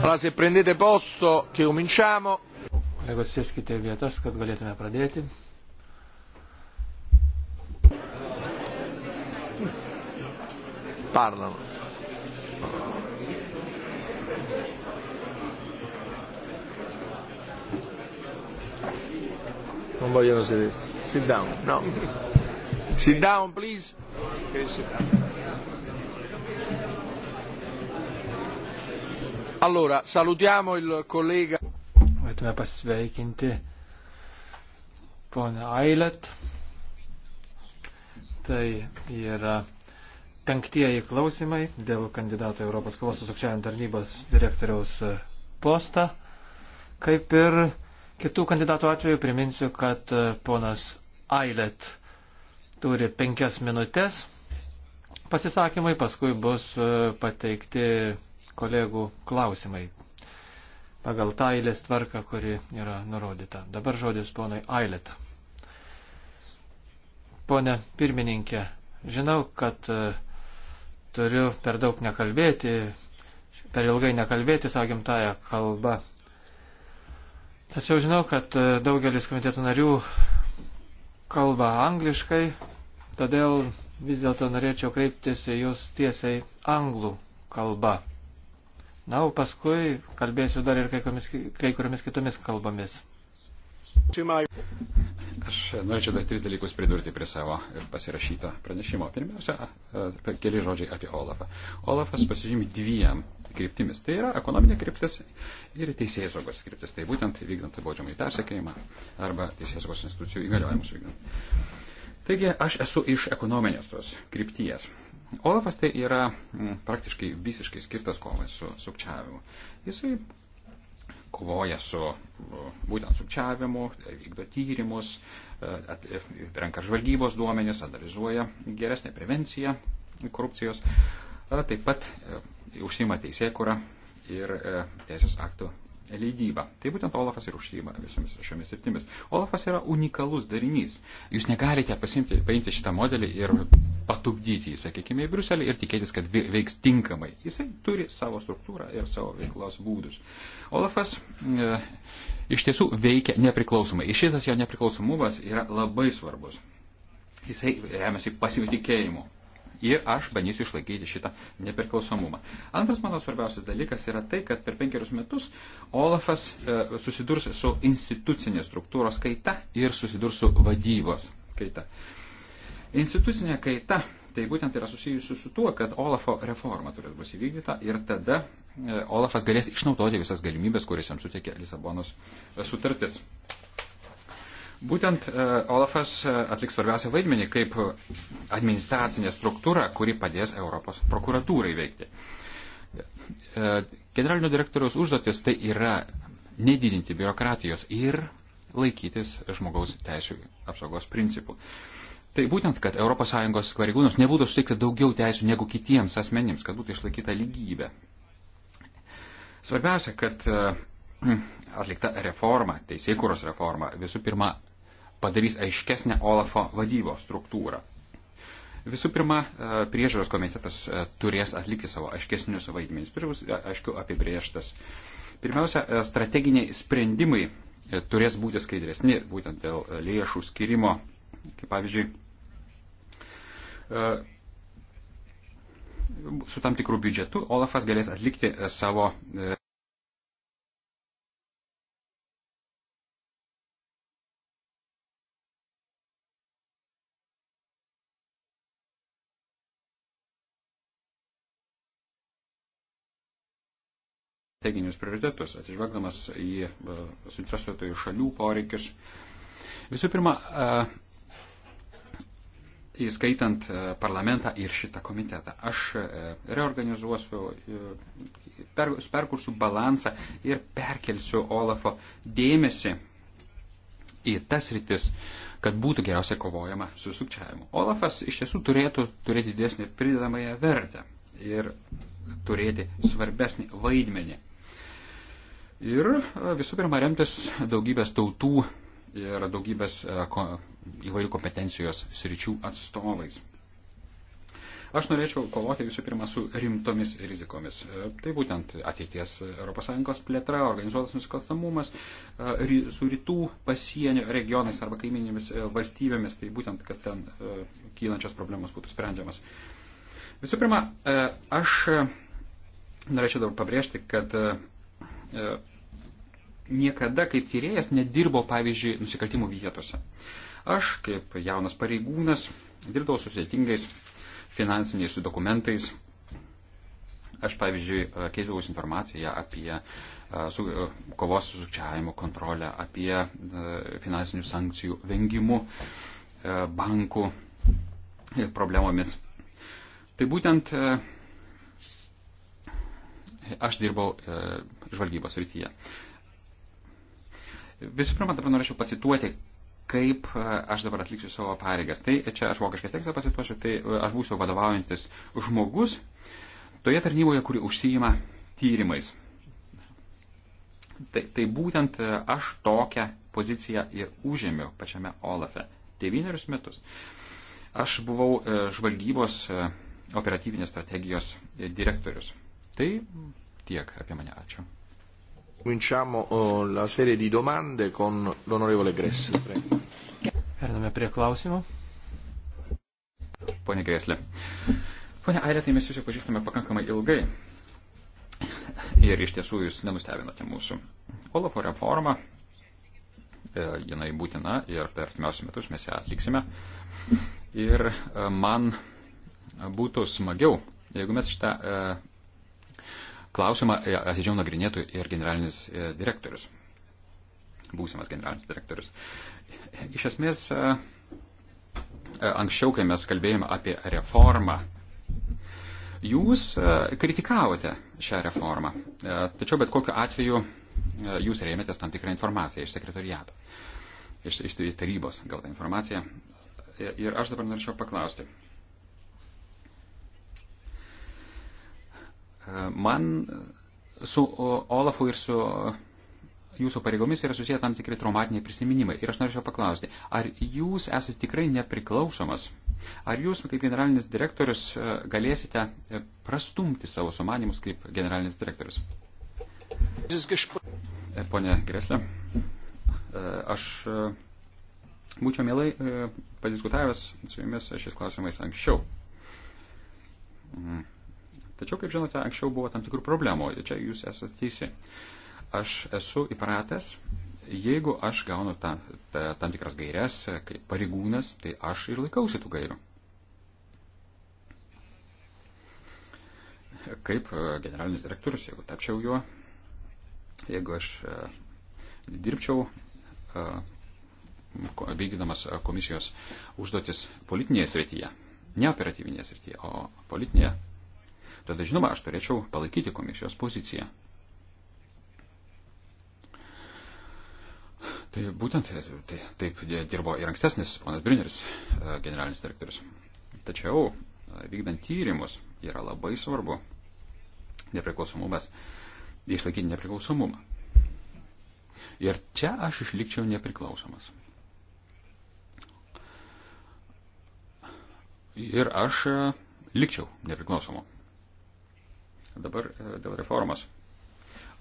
Allora, se prendete posto, che cominciamo. Kolegos, sėskite vietas, kad galėtume pradėti. Parlano. Non vogliono sedersi. Sit down, no. Sit down, please. Okay, sit down. Allora, salutiamo il collega. Norėtume pasveikinti ponę Ailet. Tai yra penktieji klausimai dėl kandidato Europos kovos su sukčiavimo tarnybos direktoriaus postą. Kaip ir kitų kandidatų atveju, priminsiu, kad ponas Ailet turi penkias minutės pasisakymai, paskui bus pateikti kolegų klausimai pagal tą eilės tvarką, kuri yra nurodyta. Dabar žodis ponai Ailet. Pone pirmininkė, žinau, kad e, turiu per daug nekalbėti, per ilgai nekalbėti savo gimtają kalbą. Tačiau žinau, kad e, daugelis komiteto narių kalba angliškai, todėl vis dėlto norėčiau kreiptis į jūs tiesiai anglų kalba. Na, o paskui kalbėsiu dar ir kai, komis, kai kuriomis kitomis kalbomis. Aš norėčiau dar tris dalykus pridurti prie savo pasirašyto pranešimo. Pirmiausia, e, keli žodžiai apie Olafą. Olafas pasižymi dviem kryptimis. Tai yra ekonominė kryptis ir teisėjai saugos kryptis. Tai būtent vykdant baudžiamąjį persekėjimą arba teisėjai saugos institucijų įgaliojimus vykdant. Taigi aš esu iš ekonominės tos krypties. Olafas tai yra mm, praktiškai visiškai skirtas kovai su sukčiavimu. Jisai kovoja su mm, būtent sukčiavimu, vykdo tyrimus, e, e, renka žvalgybos duomenis, analizuoja geresnę prevenciją korupcijos, e, taip pat užsima teisėkurą ir teisės aktų leidybą. Tai būtent Olafas ir užsijima visomis šiomis sritimis. Olafas yra unikalus darinys. Jūs negalite pasimti, paimti šitą modelį ir patupdyti jį, sakykime, į Bruselį ir tikėtis, kad veiks tinkamai. Jisai turi savo struktūrą ir savo veiklos būdus. Olafas e, iš tiesų veikia nepriklausomai. Ir šitas jo nepriklausomumas yra labai svarbus. Jisai remiasi pasitikėjimu. Ir aš bandysiu išlaikyti šitą nepriklausomumą. Antras mano svarbiausias dalykas yra tai, kad per penkerius metus Olafas e, susidurs su institucinės struktūros kaita ir susidurs su vadybos kaita. Institucinė kaita tai būtent yra susijusi su tuo, kad Olafo reforma turės bus įvykdyta ir tada e, Olafas galės išnaudoti visas galimybės, kurias jam suteikia Lisabonos e, sutartis. Būtent e, Olafas e, atliks svarbiausią vaidmenį kaip administracinė struktūra, kuri padės Europos prokuratūrai veikti. E, generalinio direktoriaus užduotis tai yra nedidinti biurokratijos ir laikytis žmogaus teisų apsaugos principų. Tai būtent, kad ES pareigūnams nebūtų suteikta daugiau teisų negu kitiems asmenims, kad būtų išlaikyta lygybė. Svarbiausia, kad atlikta reforma, teisėkūros reforma, visų pirma, padarys aiškesnę Olafo vadybos struktūrą. Visų pirma, e, priežiūros komitetas e, turės atlikti savo aiškesnius vaidmenys, turi bus e, aiškiau apibrieštas. Pirmiausia, strateginiai sprendimai turės būti skaidresni, būtent dėl lėšų skirimo, kaip pavyzdžiui, su tam tikrų biudžetu Olafas galės atlikti savo strateginius prioritetus, atsižvelgdamas į e, suinteresuotojų šalių poreikius. Visų pirma, e, įskaitant e, parlamentą ir šitą komitetą, aš reorganizuosiu, per, perkursiu balansą ir perkelsiu Olafo dėmesį į tas rytis, kad būtų geriausiai kovojama su sukčiavimu. Olafas iš tiesų turėtų turėti didesnį pridedamąją vertę ir turėti svarbesnį vaidmenį ir e, visų pirma remtis daugybės tautų ir daugybės e, įvairių kompetencijos sričių atstovais. Aš norėčiau kovoti visų pirma su rimtomis rizikomis. E, tai būtent ateities ES plėtra, organizuotas nusikalstamumas, su rytų pasienio regionais arba kaiminėmis valstybėmis, tai būtent, kad ten kylančios problemos būtų sprendžiamas. Visų pirma, aš norėčiau dabar pabrėžti, kad E, niekada kaip tyrėjas nedirbo, pavyzdžiui, nusikaltimų vietose. Aš, kaip jaunas pareigūnas, dirbau su sudėtingais finansiniais dokumentais. Aš, pavyzdžiui, e, keisdavausi informaciją apie e, su, kovos su sukčiavimo kontrolę, apie finansinių sankcijų vengimų bankų problemomis. Tai būtent Aš dirbau e, žvalgybos rytyje. Visų pirma, dabar norėčiau pacituoti, kaip e, aš dabar atliksiu savo pareigas. Tai čia aš vokišką tekstą pacituosiu, tai e, aš būsiu vadovaujantis žmogus toje tarnyboje, kuri užsijima tyrimais. Tai, tai būtent e, aš tokią poziciją ir užėmiau pačiame Olafe. Devynerius metus. Aš buvau žvalgybos operatyvinės strategijos direktorius. Tai tiek apie mane. Ačiū. Cominciamo eh, la serie di domande con l'onorevole Gressle. Perdame prie klausimų. Pone Greslė. Pone Airė, tai mes jūs jau pažįstame pakankamai ilgai. Ir iš tiesų jūs nenustebinote mūsų. Olafo reforma, e, jinai būtina ir per artimiausius metus mes ją atliksime. Ir e, man būtų smagiau, jeigu mes šitą e, klausimą e, atidžiau nagrinėtų ir generalinis e, direktorius, būsimas generalinis direktorius. Iš esmės, e, anksčiau, kai mes kalbėjome apie reformą, jūs kritikavote šią reformą, tačiau bet kokiu atveju jūs rėmėtės tam tikrą informaciją iš sekretoriato, iš, iš tarybos gautą informaciją. Ir aš dabar norėčiau paklausti, Man su Olafu ir su jūsų pareigomis yra susiję tam tikri traumatiniai prisiminimai. Ir aš norėčiau paklausti, ar jūs esate tikrai nepriklausomas? Ar jūs, kaip generalinis direktorius, e, galėsite e, prastumti savo sumanimus kaip generalinis direktorius? E, Pone Greslė, aš būčiau mielai padiskutavęs su jumis šiais klausimais anksčiau. Mm. Tačiau, kaip žinote, anksčiau buvo tam tikrų problemų ir čia jūs esate teisi. Aš esu įpratęs, jeigu aš gaunu ta, ta, tam tikras gairias e, kaip pareigūnas, tai aš ir laikausi tų gairių. Kaip e, generalinis direktorius, jeigu tapčiau juo, jeigu aš e, dirbčiau vykdydamas komisijos užduotis politinėje srityje, ne operatyvinėje srityje, o politinėje Tada, žinoma, aš turėčiau palaikyti komisijos poziciją. Tai būtent tai, taip dirbo ir ankstesnis ponas Brineris, e, generalinis direktorius. Tačiau, e, vykdant tyrimus, yra labai svarbu nepriklausomumas, išlaikyti nepriklausomumą. Ir čia aš išlikčiau nepriklausomas. Ir aš e, likčiau nepriklausomu Dabar e, dėl reformos.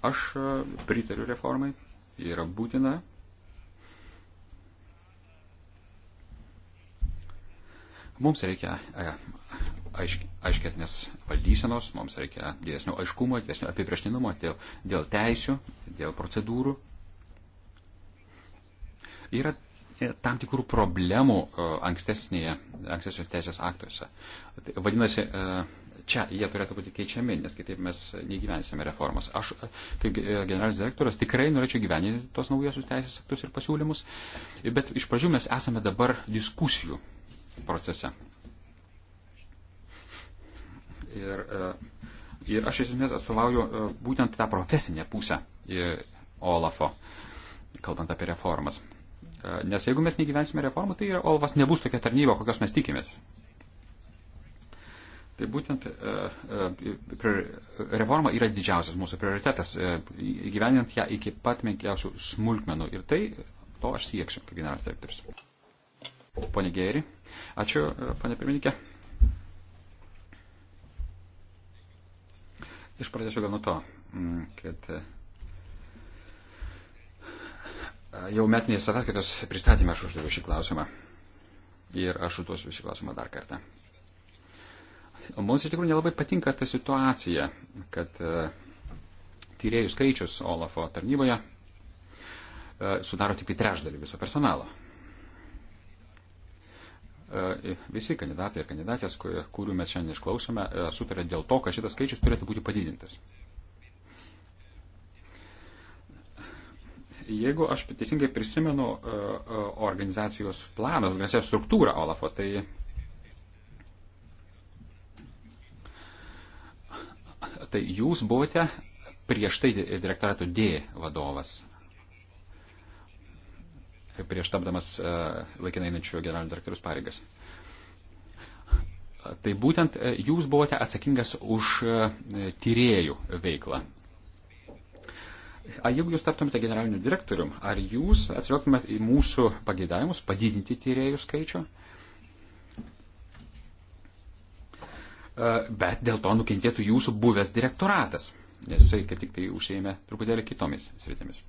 Aš e, pritariu reformai, ji yra būtina. Mums reikia e, aišk, aiškesnės valdysenos, mums reikia didesnio aiškumo, didesnio apibrieštinumo dėl, dėl teisių, dėl procedūrų. Yra tam tikrų problemų ankstesnėje, ankstesnės teisės aktuose. Vadinasi, čia jie turėtų būti keičiami, nes kitaip mes negyvensime reformos. Aš, kaip generalinis direktoras, tikrai norėčiau gyveninti tos naujosius teisės aktus ir pasiūlymus, bet iš pradžių mes esame dabar diskusijų procese. Ir, e, ir aš iš esmės atstovauju e, būtent tą profesinę pusę Olafo, kalbant apie reformas. E, nes jeigu mes negyvensime reformų, tai Olafas nebus tokia tarnyba, kokios mes tikimės Tai būtent e, e, reforma yra didžiausias mūsų prioritetas, e, įgyvenint ją iki pat menkiausių smulkmenų. Ir tai to aš sieksiu kaip generalinis direktorius. Pone Gėri, ačiū, pane pirmininkė. Iš pradėsiu gal nuo to, mm, kad jau metinės ataskaitos pristatymę aš uždaviau šį klausimą. Ir aš užduosiu šį klausimą dar kartą. Mums iš tikrųjų nelabai patinka ta situacija, kad e, tyriejų skaičius Olafo tarnyboje e, sudaro tik tai trešdalį viso personalo. E, visi kandidatai ir kandidatės, kurių mes šiandien išklausome, sutarė dėl to, kad šitas skaičius turėtų būti padidintas. Jeigu aš teisingai prisimenu organizacijos planą, organizacijos struktūrą Olafo, tai tai jūs buvote prieš tai direktorato D vadovas, prieš tapdamas e, laikinai einančių generalinių direktorius pareigas. Tai būtent e, jūs buvote atsakingas už e, tyriejų veiklą. Ar jeigu jūs taptumėte generaliniu direktorium, ar jūs atsvelgtumėte į mūsų pageidavimus padidinti tyriejų skaičių? Uh, E, bet dėl to nukentėtų jūsų buvęs direktoratas, nes jisai kaip tik tai užsėmė truputėlį kitomis sritėmis.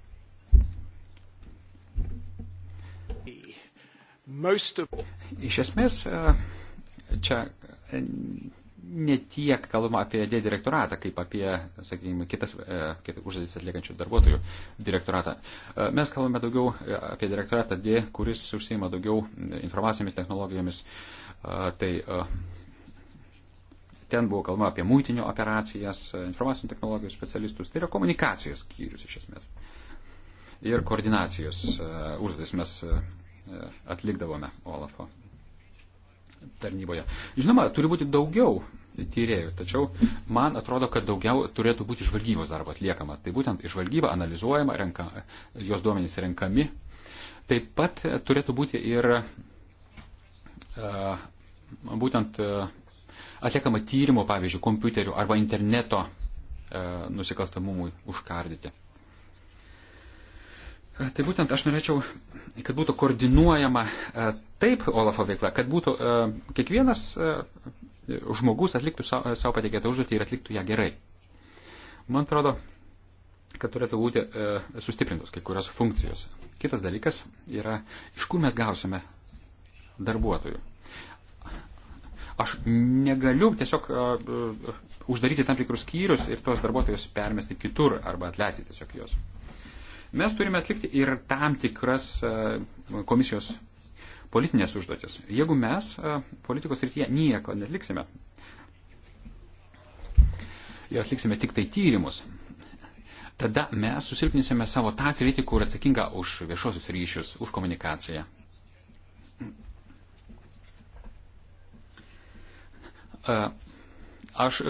Iš esmės, e, čia ne tiek kalbama apie D direktoratą, kaip apie, sakykime, kitas, e, kitas užduotis atliekančių darbuotojų direktoratą. Mes kalbame daugiau apie direktoratą D, kuris užsieima daugiau informacinėmis technologijomis. Tai Ten buvo kalba apie mūtinių operacijas, informacinių technologijų specialistus, tai yra komunikacijos skyrius iš esmės. Ir koordinacijos e, užduotis mes e, atlikdavome Olafo tarnyboje. Žinoma, turi būti daugiau tyrėjų, tačiau man atrodo, kad daugiau turėtų būti žvalgybos darbo atliekama. Tai būtent žvalgyba analizuojama, renka, jos duomenys renkami. Taip pat turėtų būti ir e, būtent atliekama tyrimo, pavyzdžiui, kompiuterių arba interneto e, nusikalstamumui užkardyti. E, tai būtent aš norėčiau, kad būtų koordinuojama e, taip Olafo veikla, kad būtų e, kiekvienas e, žmogus atliktų savo, e, savo patikėtą užduotį ir atliktų ją gerai. Man atrodo, kad turėtų būti e, sustiprintos kai kurios funkcijos. Kitas dalykas yra, iš kur mes gausime darbuotojų. Aš negaliu tiesiog uh, uždaryti tam tikrus skyrius ir tuos darbuotojus permesti kitur arba atleisti tiesiog juos. Mes turime atlikti ir tam tikras uh, komisijos politinės užduotis. Jeigu mes uh, politikos rytyje nieko netliksime ir atliksime tik tai tyrimus, tada mes susilpnysime savo tą sritį, kur atsakinga už viešosius ryšius, už komunikaciją. E, aš e,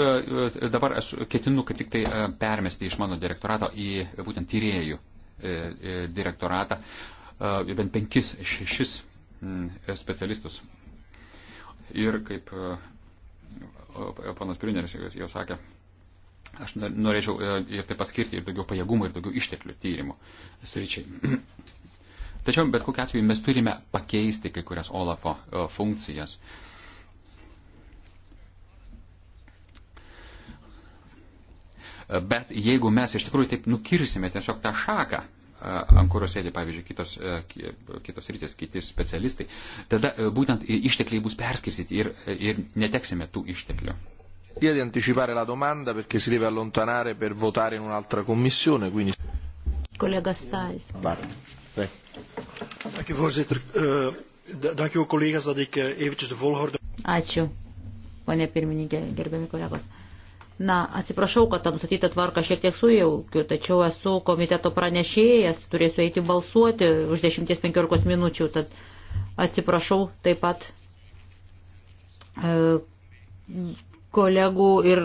e, dabar esu, ketinu kaip tik tai permesti iš mano direktorato į būtent tyriejų direktoratą bent penkis, šešis specialistus. Ir kaip panas Prineris jau sakė, aš norėčiau ir tai paskirti ir daugiau pajėgumų, ir daugiau išteklių tyrimų sričiai. Tačiau bet kokiu atveju mes turime pakeisti kai kurias Olafo funkcijas. Uh, Bet jeigu mes iš tikrųjų taip nukirsime tiesiog tą šaką, ant kurios sėdi, pavyzdžiui, kitos, kitos rytis, kiti specialistai, tada būtent ištekliai bus perskirstyti ir, ir neteksime tų išteklių. Chiedi di anticipare la domanda perché si deve allontanare per votare in un'altra commissione. Quindi... Collega Stais. Dank u voorzitter. Uh, dank u collega's dat ik uh, eventjes de volgorde. Ačiū, ponė pirmininkė, gerbiami kolegos. Uh, Na, atsiprašau, kad tą nustatytą tvarką šiek tiek sujaukiu, tačiau esu komiteto pranešėjas, turėsiu eiti balsuoti už 10-15 minučių, tad atsiprašau taip pat e, kolegų ir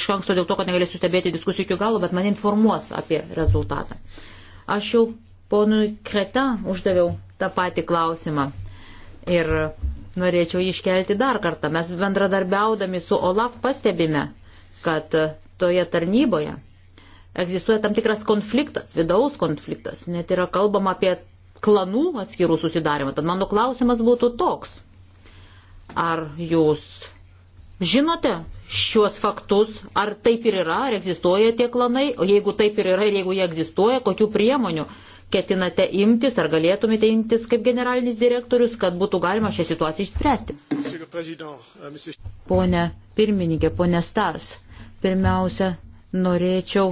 iš anksto dėl to, kad negalėsiu stebėti diskusijų iki galo, bet mane informuos apie rezultatą. Aš jau ponui Kreta uždaviau tą patį klausimą ir norėčiau jį iškelti dar kartą. Mes bendradarbiaudami su OLAF pastebime, kad toje tarnyboje egzistuoja tam tikras konfliktas, vidaus konfliktas, net yra kalbama apie klanų atskirų susidarimą. Tad mano klausimas būtų toks. Ar jūs žinote šiuos faktus, ar taip ir yra, ar egzistuoja tie klanai, o jeigu taip ir yra, ir jeigu jie egzistuoja, kokių priemonių ketinate imtis, ar galėtumėte imtis kaip generalinis direktorius, kad būtų galima šią situaciją išspręsti? Euh, pone pirmininkė, pone Stas. Pirmiausia, norėčiau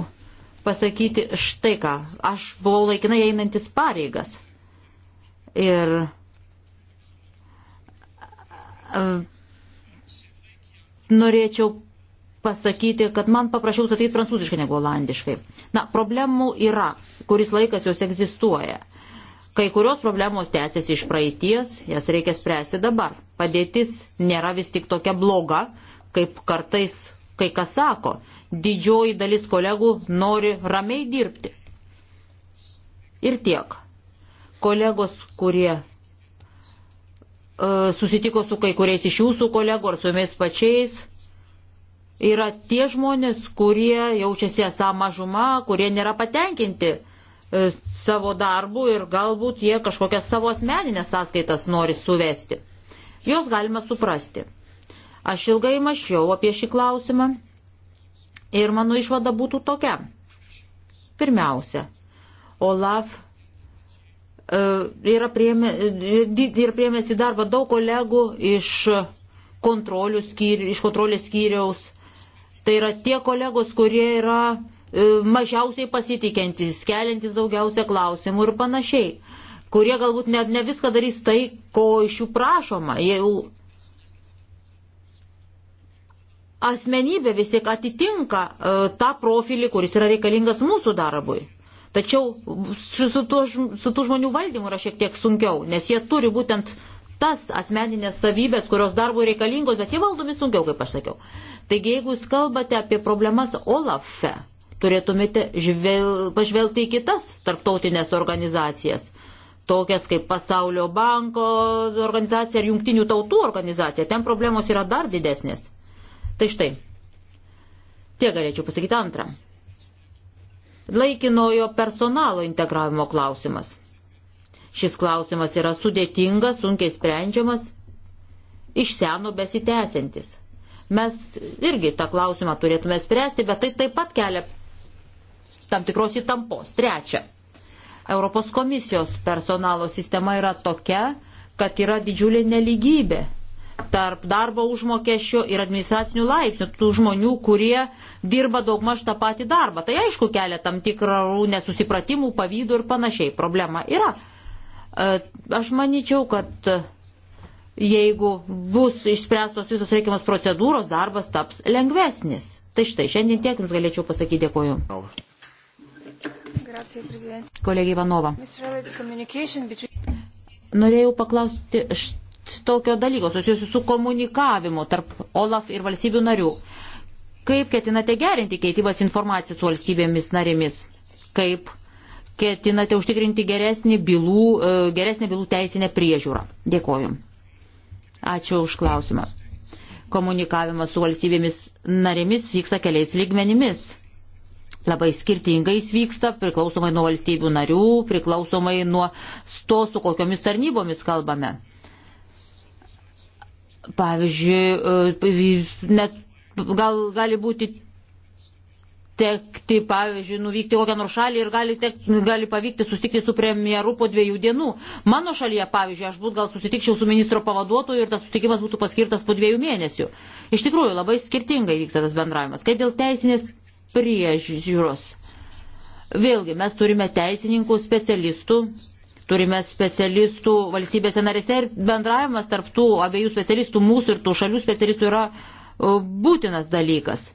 pasakyti štai ką. Aš buvau laikinai einantis pareigas. Ir e, norėčiau pasakyti, kad man paprašiau statyti prancūziškai negu olandiškai. Na, problemų yra, kuris laikas jos egzistuoja. Kai kurios problemos tęsiasi iš praeities, jas reikia spręsti dabar. Padėtis nėra vis tik tokia bloga, kaip kartais kai kas sako, didžioji dalis kolegų nori ramiai dirbti. Ir tiek. Kolegos, kurie e, susitiko su kai kuriais iš jūsų kolegų ar su jumis pačiais, yra tie žmonės, kurie jaučiasi esą mažuma, kurie nėra patenkinti e, savo darbu ir galbūt jie kažkokias savo asmeninės sąskaitas nori suvesti. Jos galima suprasti. Aš ilgai mašiau apie šį klausimą ir mano išvada būtų tokia. Pirmiausia, Olaf e, yra, priėmė, e, yra priėmęs į darbą daug kolegų iš, skyri, iš kontrolės skyriaus. Tai yra tie kolegos, kurie yra e, mažiausiai pasitikintis, keliantis daugiausia klausimų ir panašiai, kurie galbūt net ne viską darys tai, ko iš jų prašoma. Jau asmenybė vis tiek atitinka e, tą profilį, kuris yra reikalingas mūsų darbui. Tačiau su tų, su tų žmonių valdymu yra šiek tiek sunkiau, nes jie turi būtent tas asmeninės savybės, kurios darbui reikalingos, bet jie valdomi sunkiau, kaip aš sakiau. Taigi, jeigu jūs kalbate apie problemas Olafe, turėtumėte žvel, pažvelgti į kitas tarptautinės organizacijas, tokias kaip Pasaulio banko organizacija ar Junktinių tautų organizacija. Ten problemos yra dar didesnės. Tai štai. Tiek galėčiau pasakyti antrą. Laikinojo personalo integravimo klausimas. Šis klausimas yra sudėtingas, sunkiai sprendžiamas, iš seno besitęsiantis. Mes irgi tą klausimą turėtume spręsti, bet tai taip pat kelia tam tikros įtampos. Trečia. Europos komisijos personalo sistema yra tokia, kad yra didžiulė neligybė tarp darbo užmokesčio ir administracinių laipsnių tų žmonių, kurie dirba daugmaž tą patį darbą. Tai aišku kelia tam tikrų nesusipratimų, pavydų ir panašiai. Problema yra. E, aš manyčiau, kad e, jeigu bus išspręstos visos reikiamas procedūros, darbas taps lengvesnis. Tai štai, šiandien tiek jums galėčiau pasakyti dėkoju. Kolegė Ivanova. Norėjau paklausti tokio dalyko susijusiu su komunikavimu tarp OLAF ir valstybių narių. Kaip ketinate gerinti keitybas informaciją su valstybėmis narėmis? Kaip ketinate užtikrinti geresnį bylų, e, geresnį bylų teisinę priežiūrą? Dėkoju. Ačiū už klausimą. Komunikavimas su valstybėmis narėmis vyksta keliais lygmenimis labai skirtingai jis vyksta, priklausomai nuo valstybių narių, priklausomai nuo to, su kokiomis tarnybomis kalbame. Pavyzdžiui, e, net gal gali būti tekti, pavyzdžiui, nuvykti kokią nors šalį ir gali, tekti, gali pavykti susitikti su premjeru po dviejų dienų. Mano šalyje, pavyzdžiui, aš būt gal susitikčiau su ministro pavaduotoju ir tas susitikimas būtų paskirtas po dviejų mėnesių. Iš tikrųjų, labai skirtingai vyksta tas bendravimas. Kai dėl teisinės priežiūros. Vėlgi, mes turime teisininkų, specialistų, turime specialistų valstybėse narėse ir bendravimas tarp tų abiejų specialistų, mūsų ir tų šalių specialistų yra e, būtinas dalykas.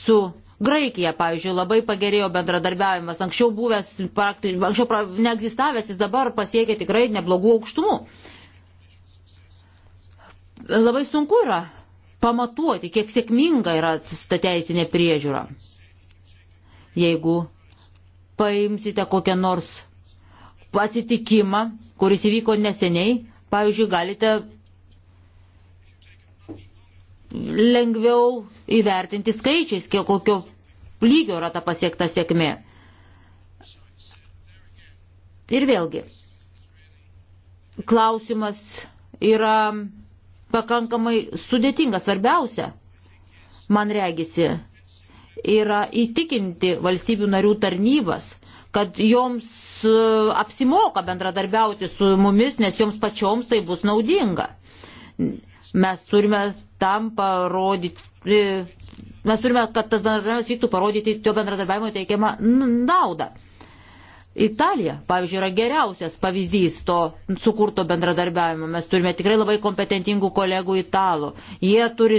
Su Graikija, pavyzdžiui, labai pagerėjo bendradarbiavimas. Anksčiau buvęs, praktiškai, anksčiau neegzistavęs, jis dabar pasiekė tikrai neblogų aukštumų. Labai sunku yra pamatuoti, kiek sėkminga yra ta teisinė priežiūra. Jeigu paimsite kokią nors atsitikimą, kuris įvyko neseniai, pavyzdžiui, galite lengviau įvertinti skaičiais, kiek kokio lygio yra ta pasiekta sėkmė. Ir vėlgi, klausimas yra pakankamai sudėtingas. Svarbiausia, man regisi, yra įtikinti valstybių narių tarnybas, kad joms e, apsimoka bendradarbiauti su mumis, nes joms pačioms tai bus naudinga. Mes turime tam parodyti, e, mes turime, kad tas bendradarbiavimas vyktų parodyti to bendradarbiavimo teikiamą naudą. Italija, pavyzdžiui, yra geriausias pavyzdys to sukurto bendradarbiavimo. Mes turime tikrai labai kompetentingų kolegų italų. Jie turi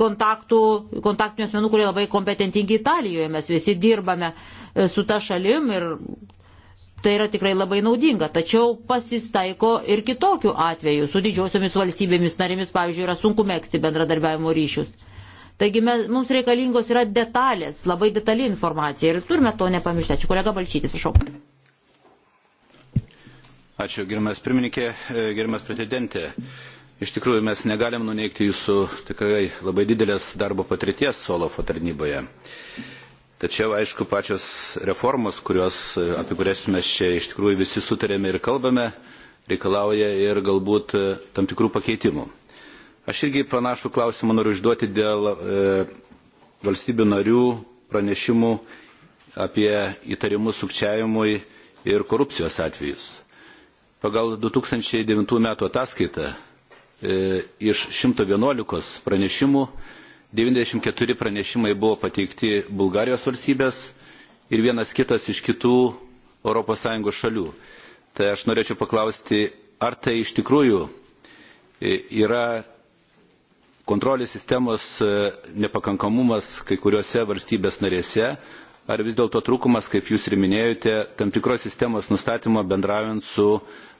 kontaktų, kontaktinių asmenų, kurie labai kompetentingi Italijoje. Mes visi dirbame e, su ta šalim ir tai yra tikrai labai naudinga. Tačiau pasistaiko ir kitokių atvejų. Su didžiosiomis valstybėmis narėmis, pavyzdžiui, yra sunku mėgsti bendradarbiavimo ryšius. Taigi mes, mums reikalingos yra detalės, labai detali informacija ir turime to nepamiršti. Ačiū kolega Balčytis, prašau. Ačiū, gerimas pirmininkė, e, gerimas prezidentė. Iš tikrųjų, mes negalim nuneikti jūsų tikrai labai didelės darbo patirties Olafo tarnyboje. Tačiau, aišku, pačios reformos, kurios, e, apie kurias mes čia iš tikrųjų visi sutarėme ir kalbame, reikalauja ir galbūt e, tam tikrų pakeitimų. Aš irgi panašų klausimą noriu išduoti dėl e, valstybių narių pranešimų apie įtarimus sukčiavimui ir korupcijos atvejus. Pagal 2009 metų ataskaitą E, iš 111 pranešimų 94 pranešimai buvo pateikti Bulgarijos valstybės ir vienas kitas iš kitų ES šalių. Tai aš norėčiau paklausti, ar tai iš tikrųjų e, yra kontrolės sistemos e, nepakankamumas kai kuriuose valstybės narėse, ar vis dėlto trūkumas, kaip jūs ir minėjote, tam tikros sistemos nustatymo bendraujant su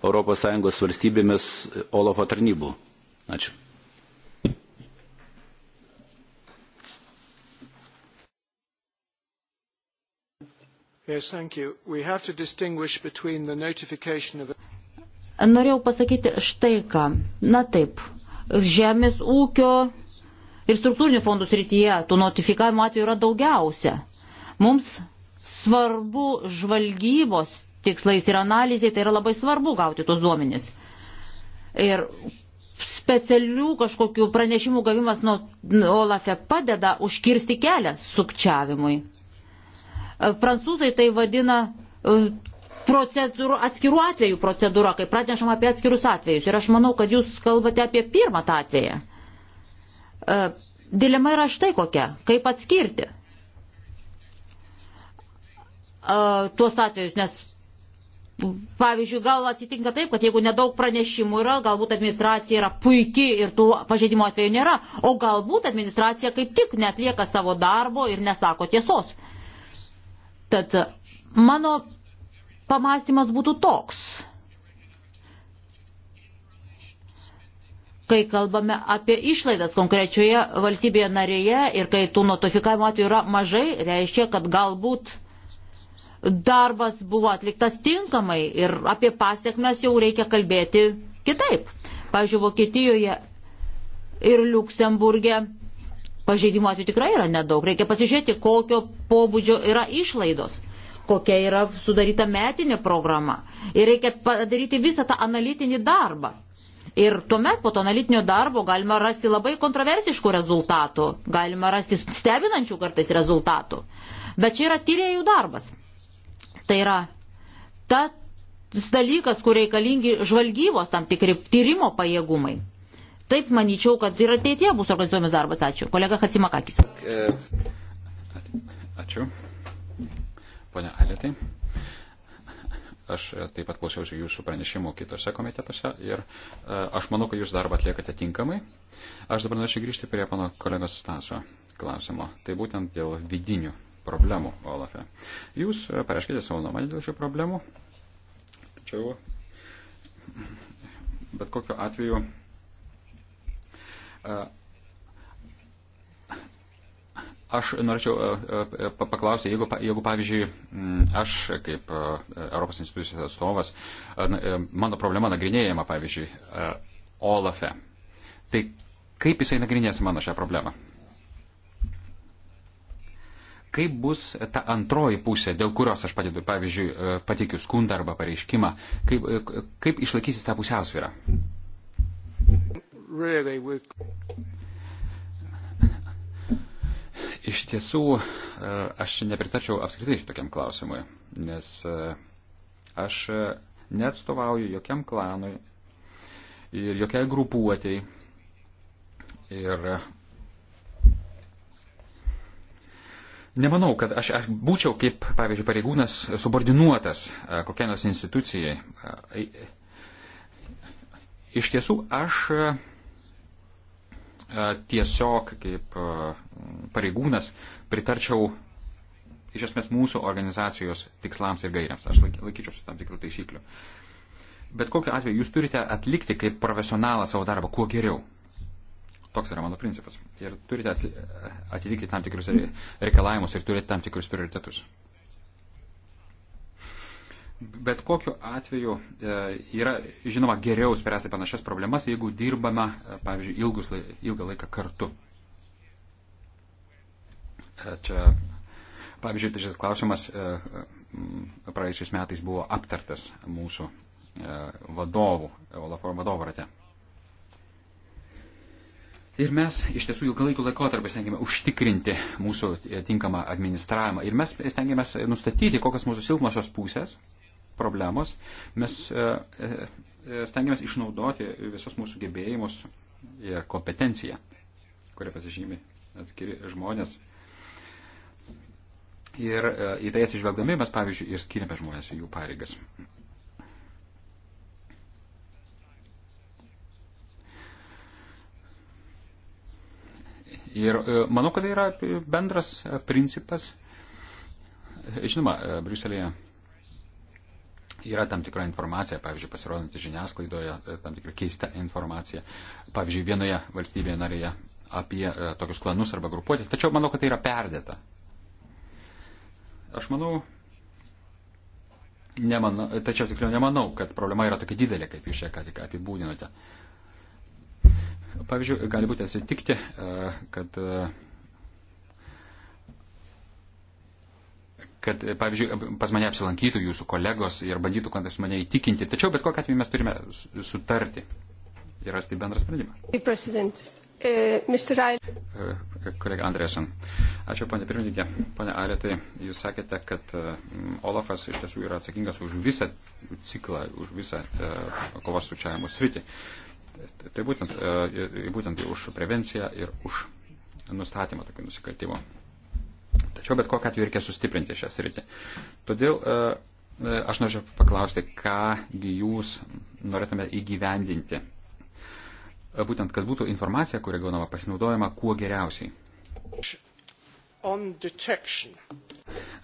ES valstybėmis Olofo tarnybų. Ačiū. Yes, thank you. We have to distinguish between the notification of... Norėjau pasakyti štai ką. Na taip, žemės ūkio ir struktūrinių fondų srityje tų notifikavimo atveju yra daugiausia. Mums svarbu žvalgybos tikslais ir analizai, tai yra labai svarbu gauti tos duomenys. Ir specialių kažkokių pranešimų gavimas nuo Olafe padeda užkirsti kelią sukčiavimui. E, prancūzai tai vadina e, procedūrų, atskirų atvejų procedūra, kai pranešama apie atskirus atvejus. Ir aš manau, kad jūs kalbate apie pirmą tą atvejį. E, dilema yra štai kokia. Kaip atskirti tuos atvejus, nes Pavyzdžiui, gal atsitinka taip, kad jeigu nedaug pranešimų yra, galbūt administracija yra puikiai ir tų pažeidimo atveju nėra, o galbūt administracija kaip tik netlieka savo darbo ir nesako tiesos. Tad mano pamastymas būtų toks. Kai kalbame apie išlaidas konkrečioje valstybėje narėje ir kai tų notifikavimo atveju yra mažai, reiškia, kad galbūt darbas buvo atliktas tinkamai ir apie pasiekmes jau reikia kalbėti kitaip. Pavyzdžiui, Vokietijoje ir Luksemburgė pažeidimo atveju tikrai yra nedaug. Reikia pasižiūrėti, kokio pobūdžio yra išlaidos kokia yra sudaryta metinė programa. Ir reikia padaryti visą tą analitinį darbą. Ir tuomet po to analitinio darbo galima rasti labai kontroversiškų rezultatų, galima rasti stebinančių kartais rezultatų. Bet čia yra tyriejų darbas. Tai yra tas dalykas, kur reikalingi žvalgybos tam tikri tyrimo pajėgumai. Taip manyčiau, kad ir ateitie bus organizuojamas darbas. Ačiū. Kolega Hatsimakakis. Ačiū. Pone Alėtai. Aš taip pat klausiausi jūsų pranešimų kitose komitetuose ir e, aš manau, kad jūs darbą atliekate tinkamai. Aš dabar norėčiau grįžti prie pano kolegos Staso klausimo. Tai būtent dėl vidinių problemų Olafe. Jūs e, pareiškite savo nuomonę dėl šių problemų, tačiau bet kokiu atveju e, Aš norėčiau e, paklausti, jeigu, jeigu pavyzdžiui, aš kaip Europos institucijos atstovas, mano problema nagrinėjama, pavyzdžiui, Olafe, tai kaip jisai nagrinės mano šią problemą? kaip bus ta antroji pusė, dėl kurios aš padedu, pavyzdžiui, e, pateikiu skundą arba pareiškimą, kaip, e, kaip išlaikysis tą pusiausvyrą? Really with... Iš tiesų, e, aš nepritarčiau apskritai šitokiam klausimui, nes aš neatstovauju jokiam klanui ir jokiai grupuotėjai. Ir Nemanau, kad aš, aš būčiau kaip, pavyzdžiui, pareigūnas subordinuotas e, kokiai nors institucijai. E, e, iš tiesų, aš tiesiog kaip pareigūnas pritarčiau iš esmės mūsų organizacijos tikslams ir gairiams. Aš laikyčiausi tam tikrų taisyklių. Bet kokiu atveju jūs turite atlikti kaip profesionalas savo darbą kuo geriau. Toks yra mano principas. Ir turite atitikti tam tikrus reikalavimus ir turėti tam tikrus prioritetus. Bet kokiu atveju e, yra, žinoma, geriau spręsti panašias problemas, jeigu dirbame, e, pavyzdžiui, ilgus, ilgą laiką kartu. E, čia, pavyzdžiui, šis klausimas praėjusiais metais buvo aptartas mūsų vadovų, Olaforo vadovų rate. Ir mes iš tiesų ilgalaikiu laikotarpiu stengiame užtikrinti mūsų e, tinkamą administravimą. Ir mes stengiamės e, nustatyti, kokios mūsų silpnosios pusės, problemos. Mes e, stengiamės išnaudoti visus mūsų gebėjimus ir kompetenciją, kurią pasižymi atskiri žmonės. Ir į tai atsižvelgdami mes, pavyzdžiui, ir skiriame žmonės jų pareigas. Ir e, manau, kad tai yra bendras e, principas. E, žinoma, Briuselėje yra tam tikra informacija, pavyzdžiui, pasirodanti žiniasklaidoje, tam tikra keista informacija, pavyzdžiui, vienoje valstybėje narėje apie tokius klanus arba grupuotės, tačiau manau, kad tai yra perdėta. Aš manau, nemanau, tačiau tikrai nemanau, kad problema yra tokia didelė, kaip jūs čia ką tik apibūdinote. Uh, Pavyzdžiui, gali būti atsitikti, e, kad, e, kad, e, pavyzdžiui, pas mane apsilankytų jūsų kolegos ir bandytų kontaktus mane įtikinti, tačiau bet kokią atveju mes turime sutarti ir rasti bendrą sprendimą. Uh, kolega Andresen, ačiū ponė pirmininkė. Pone Aretai, jūs sakėte, kad Olafas iš tiesų yra atsakingas už visą ciklą, už visą kovos sučiavimo sritį. Tai būtent, e, būtent už prevenciją ir už nustatymą tokių nusikaltimų. Tačiau bet kokią atveju reikia sustiprinti šią sritį. Todėl e, e, aš norėčiau paklausti, kągi jūs norėtume įgyvendinti. Būtent, kad būtų informacija, kurią gaunama pasinaudojama kuo geriausiai.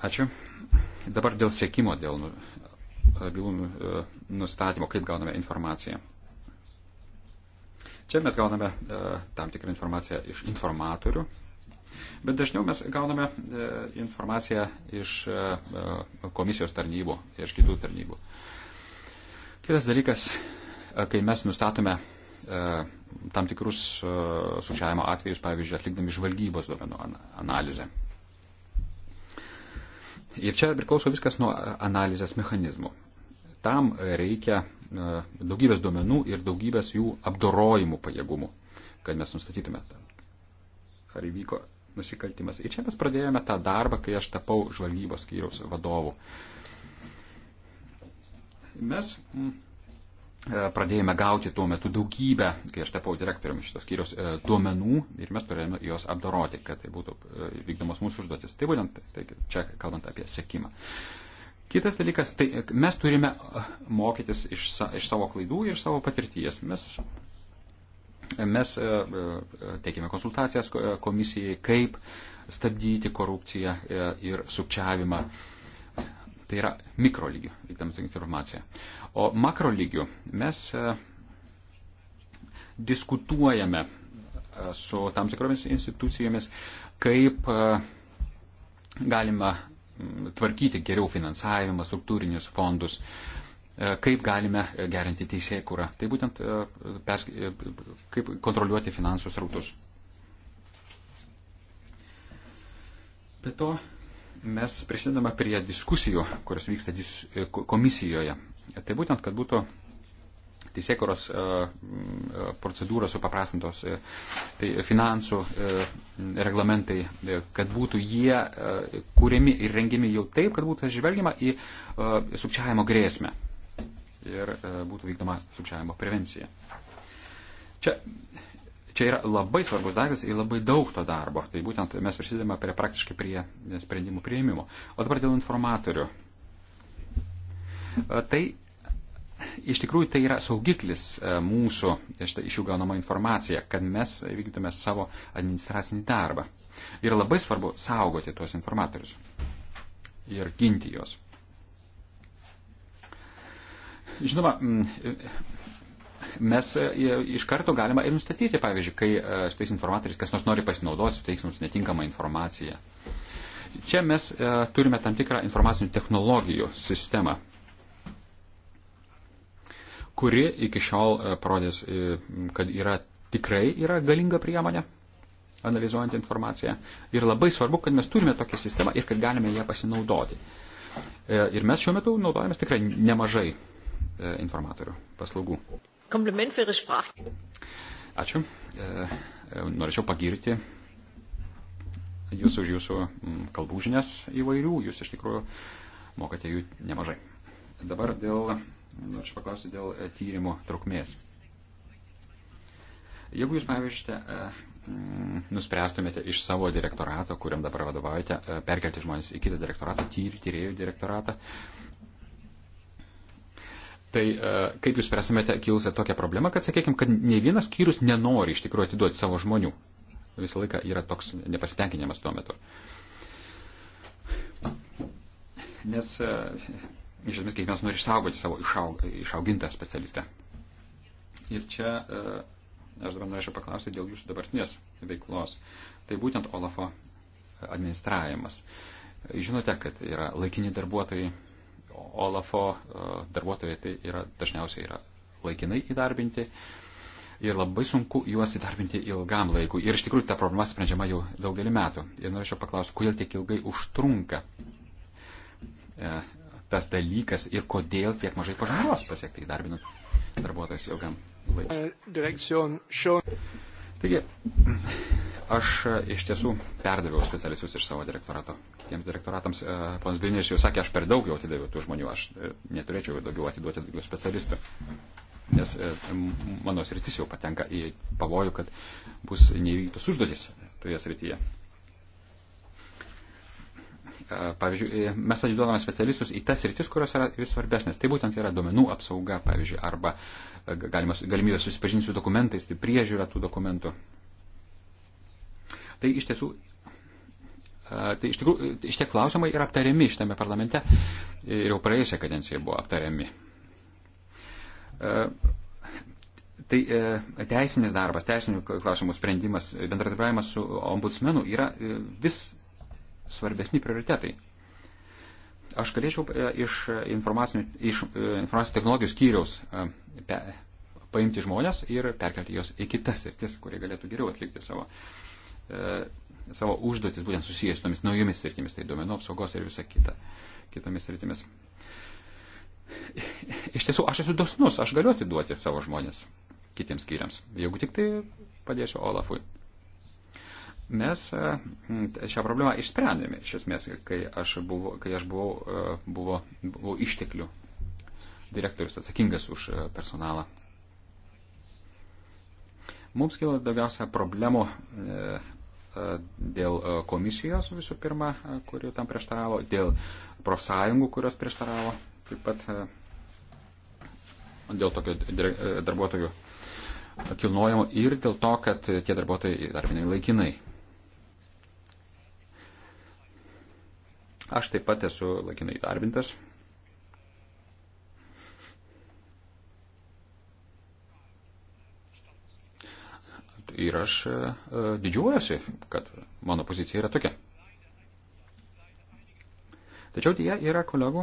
Ačiū. Dabar dėl sėkimo, dėl nu, bylų nu, nustatymo, kaip gauname informaciją. Čia mes gauname e, tam tikrą informaciją iš informatorių, bet dažniau mes gauname e, informaciją iš e, komisijos tarnybų, tai iš kitų tarnybų. Kitas dalykas, kai mes nustatome tam tikrus sukčiavimo atvejus, pavyzdžiui, atlikdami žvalgybos duomenų analizę. Ir čia priklauso viskas nuo analizės mechanizmų tam reikia e, daugybės duomenų ir daugybės jų apdorojimų pajėgumų, kad mes nustatytume, ar įvyko nusikaltimas. Ir čia mes pradėjome tą darbą, kai aš tapau žvalgybos skyriaus vadovu. Mes mm, e, pradėjome gauti tuo metu daugybę, kai aš tapau direktoriumi šitos skyriaus e, duomenų ir mes turėjome juos apdoroti, kad tai būtų vykdomos mūsų užduotis. Tai būtent tai, čia kalbant apie sekimą. Kitas dalykas, tai e, mes turime e, mokytis iš, iš savo klaidų ir iš savo patirties. Mes, e, mes teikime konsultacijas komisijai, kaip stabdyti korupciją ir sukčiavimą. Tai yra mikro lygių, vykdami tą informaciją. O makro lygių mes diskutuojame su tam tikromis institucijomis, kaip galima Mm, tvarkyti geriau finansavimą, struktūrinius fondus, e, kaip galime gerinti teisėjų kūrą. Tai būtent e, pers, e, kaip kontroliuoti finansų srautus. Be to, mes prisidedame prie diskusijų, kurios vyksta dis, komisijoje. Tai būtent, kad būtų teisėkuros e, e, procedūros supaprastintos, e, tai finansų reglamentai, kad būtų jie kūrėmi ir rengiami jau taip, kad būtų žvelgiama į sukčiavimo grėsmę ir būtų vykdoma sukčiavimo prevencija. Čia čia yra labai svarbus daiktas ir labai daug to darbo. Tai būtent mes prisidedame prie, praktiškai prie sprendimų prieimimo. O dabar dėl informatorių. Tai iš tikrųjų tai yra saugiklis e, mūsų e, iš jų gaunama informacija, kad mes vykdome savo administracinį darbą. Ir labai svarbu saugoti tuos informatorius ir ginti juos. Žinoma, mes e, iš karto galima ir nustatyti, pavyzdžiui, kai šitais informatoriais kas nors nori pasinaudoti, suteiks mums netinkamą informaciją. Čia mes turime tam tikrą informacinių technologijų sistemą, kuri iki šiol e, parodys, e, kad yra tikrai yra galinga priemonė analizuojant informaciją. Ir labai svarbu, kad mes turime tokią sistemą ir kad galime ją pasinaudoti. E, ir mes šiuo metu naudojame tikrai nemažai informatorių paslaugų. Kompliment für Ihre Sprache. Ačiū. Norėčiau pagirti Jūs už Jūsų kalbų žinias įvairių. Jūs iš tikrųjų mokate jų nemažai. Dabar dėl norėčiau paklausti dėl e, tyrimo trukmės. Jeigu jūs, pavyzdžiui, e, nuspręstumėte iš savo direktorato, kuriam dabar vadovaujate, e, perkelti žmonės į kitą direktoratą, tyri, tyrėjų direktoratą, tai kaip jūs spręstumėte kilusią tokią problemą, kad, sakykime, kad ne vienas skyrius nenori iš tikrųjų atiduoti savo žmonių. Visą laiką yra toks nepasitenkinimas tuo metu. Nes iš esmės kiekvienas nori išsaugoti savo išaug, išaugintą specialistą. Ir čia e, aš dabar norėčiau paklausti dėl jūsų dabartinės veiklos. Tai būtent Olafo administravimas. Žinote, kad yra laikini darbuotojai, Olafo e, darbuotojai tai yra dažniausiai yra laikinai įdarbinti ir labai sunku juos įdarbinti ilgam laikui. Ir iš tikrųjų ta problema sprendžiama jau daugelį metų. Ir norėčiau paklausti, kodėl tiek ilgai užtrunka e, tas dalykas ir kodėl tiek mažai pažangos pasiektai darbinant darbuotojas ilgam laikui. Eh, Taigi, aš eh, iš tiesų perdaviau specialistus iš savo direktorato. Kitiems direktoratams, eh, ponas Bilinės jau sakė, aš per daug jau atidaviau tų žmonių, aš neturėčiau daugiau atiduoti daugiau specialistų. Nes mano sritis jau patenka į pavojų, kad bus neįvykdytos užduotis toje srityje. Pavyzdžiui, e, mes atiduodame specialistus į tas rytis, kurios yra vis svarbesnės. Tai būtent yra duomenų apsauga, pavyzdžiui, arba e, galimas, galimybė susipažinti su dokumentais, tai priežiūra tų dokumentų. Tai iš tiesų, tai iš tikrųjų, e, šitie klausimai yra aptariami šitame parlamente ir jau praėjusią kadenciją buvo aptariami. Tai teisinis darbas, teisinių klausimų sprendimas, bendradarbiavimas su ombudsmenu yra vis svarbesni prioritetai. Aš galėčiau e, iš informacinių, iš e, informacinių technologijų skyriaus e, pe, paimti žmonės ir perkelti juos į kitas sritis, kurie galėtų geriau atlikti savo, e, savo užduotis, būtent susijęs su tomis naujomis sritimis, tai duomenų apsaugos ir visa kita, kitomis sritimis. Iš tiesų, aš esu dosnus, aš galiu atiduoti savo žmonės kitiems skyriams, jeigu tik tai padėsiu Olafui. Mes e, šią problemą išsprendėme, iš esmės, kai aš buvau, kai aš buvau, e, buvo, buvau išteklių direktorius atsakingas už e, personalą. Mums kilo daugiausia problemų dėl komisijos visų pirma, kuri tam prieštaravo, dėl profsąjungų, kurios prieštaravo, taip pat dėl tokio darbuotojų kilnojimo ir dėl to, kad tie darbuotojai darbinami laikinai. Aš taip pat esu laikinai darbintas. Ir aš e, didžiuojasi, kad mano pozicija yra tokia. Tačiau tie yra kolegų,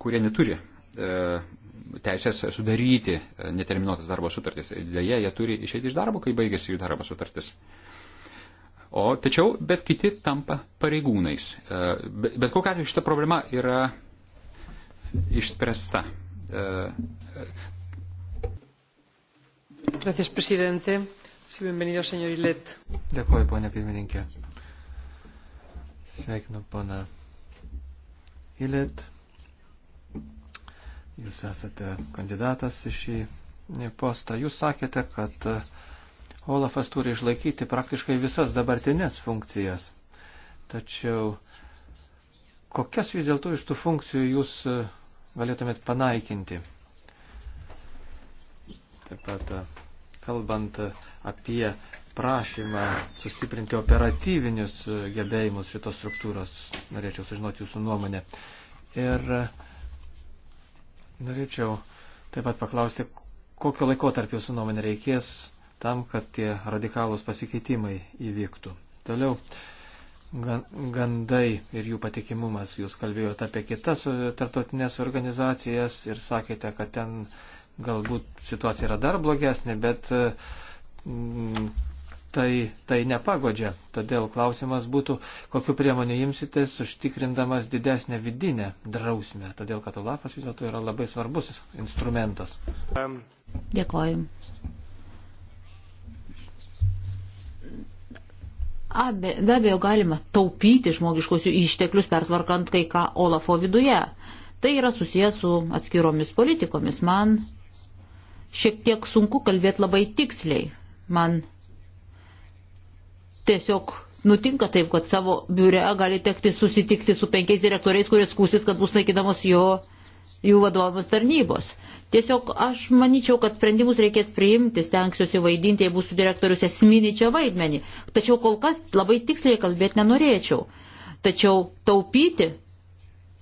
kurie neturi e, teisės sudaryti e, neterminuotas darbo sutartis. Deja, jie turi išeiti iš darbo, kai baigėsi jų darbo sutartis. E, O tačiau, bet kiti tampa pareigūnais. E, bet, bet kokia atveju šita problema yra išspręsta. E, e. Gracias, presidente. Bienvenido, señor Ilet. Dėkuoju, ponia pirmininkė. Sveikinu, pana Ilet. Jūs esate kandidatas į šį postą. Jūs sakėte, kad uh, Olafas turi išlaikyti praktiškai visas dabartinės funkcijas. Tačiau kokias vis dėlto iš tų funkcijų jūs e, galėtumėt panaikinti? Taip pat e, kalbant apie prašymą sustiprinti operatyvinius e, gebėjimus šitos struktūros, norėčiau sužinoti jūsų nuomonę. Ir norėčiau taip pat paklausti, kokio laiko tarp jūsų nuomonė reikės tam, kad tie radikalūs pasikeitimai įvyktų. Toliau, gandai ir jų patikimumas. Jūs kalbėjote apie kitas tartotinės organizacijas ir sakėte, kad ten galbūt situacija yra dar blogesnė, bet mm, tai, tai nepagodžia. Todėl klausimas būtų, kokiu priemonė imsitės, užtikrindamas didesnę vidinę drausmę, todėl kad Olafas vis dėlto yra labai svarbus instrumentas. Dėkoju. Abe, be abejo, galima taupyti žmogiškosių išteklius pertvarkant kai ką Olafo viduje. Tai yra susijęs su atskiromis politikomis. Man šiek tiek sunku kalbėti labai tiksliai. Man tiesiog nutinka taip, kad savo biure gali tekti susitikti su penkiais direktoriais, kurie skūsis, kad bus naikinamos jo, jų vadovamos tarnybos. Tiesiog aš manyčiau, kad sprendimus reikės priimti, stengsiuosi vaidinti, jei būsiu direktorius, esminį čia vaidmenį. Tačiau kol kas labai tiksliai kalbėti nenorėčiau. Tačiau taupyti,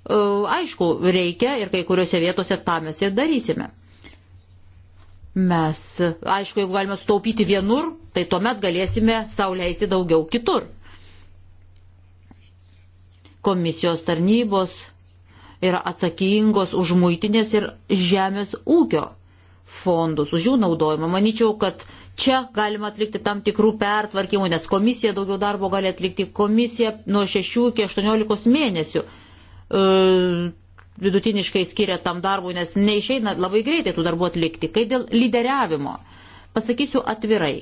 e, aišku, reikia ir kai kuriuose vietose tą mes ir darysime. Mes, aišku, jeigu galime sutaupyti vienur, tai tuomet galėsime sauliaisti daugiau kitur. Komisijos tarnybos yra atsakingos už muitinės ir žemės ūkio fondus, už jų naudojimą. Manyčiau, kad čia galima atlikti tam tikrų pertvarkymų, nes komisija daugiau darbo gali atlikti. Komisija nuo 6 iki 18 mėnesių e, vidutiniškai skiria tam darbui, nes neišeina labai greitai tų darbų atlikti. Kai dėl lyderiavimo, pasakysiu atvirai,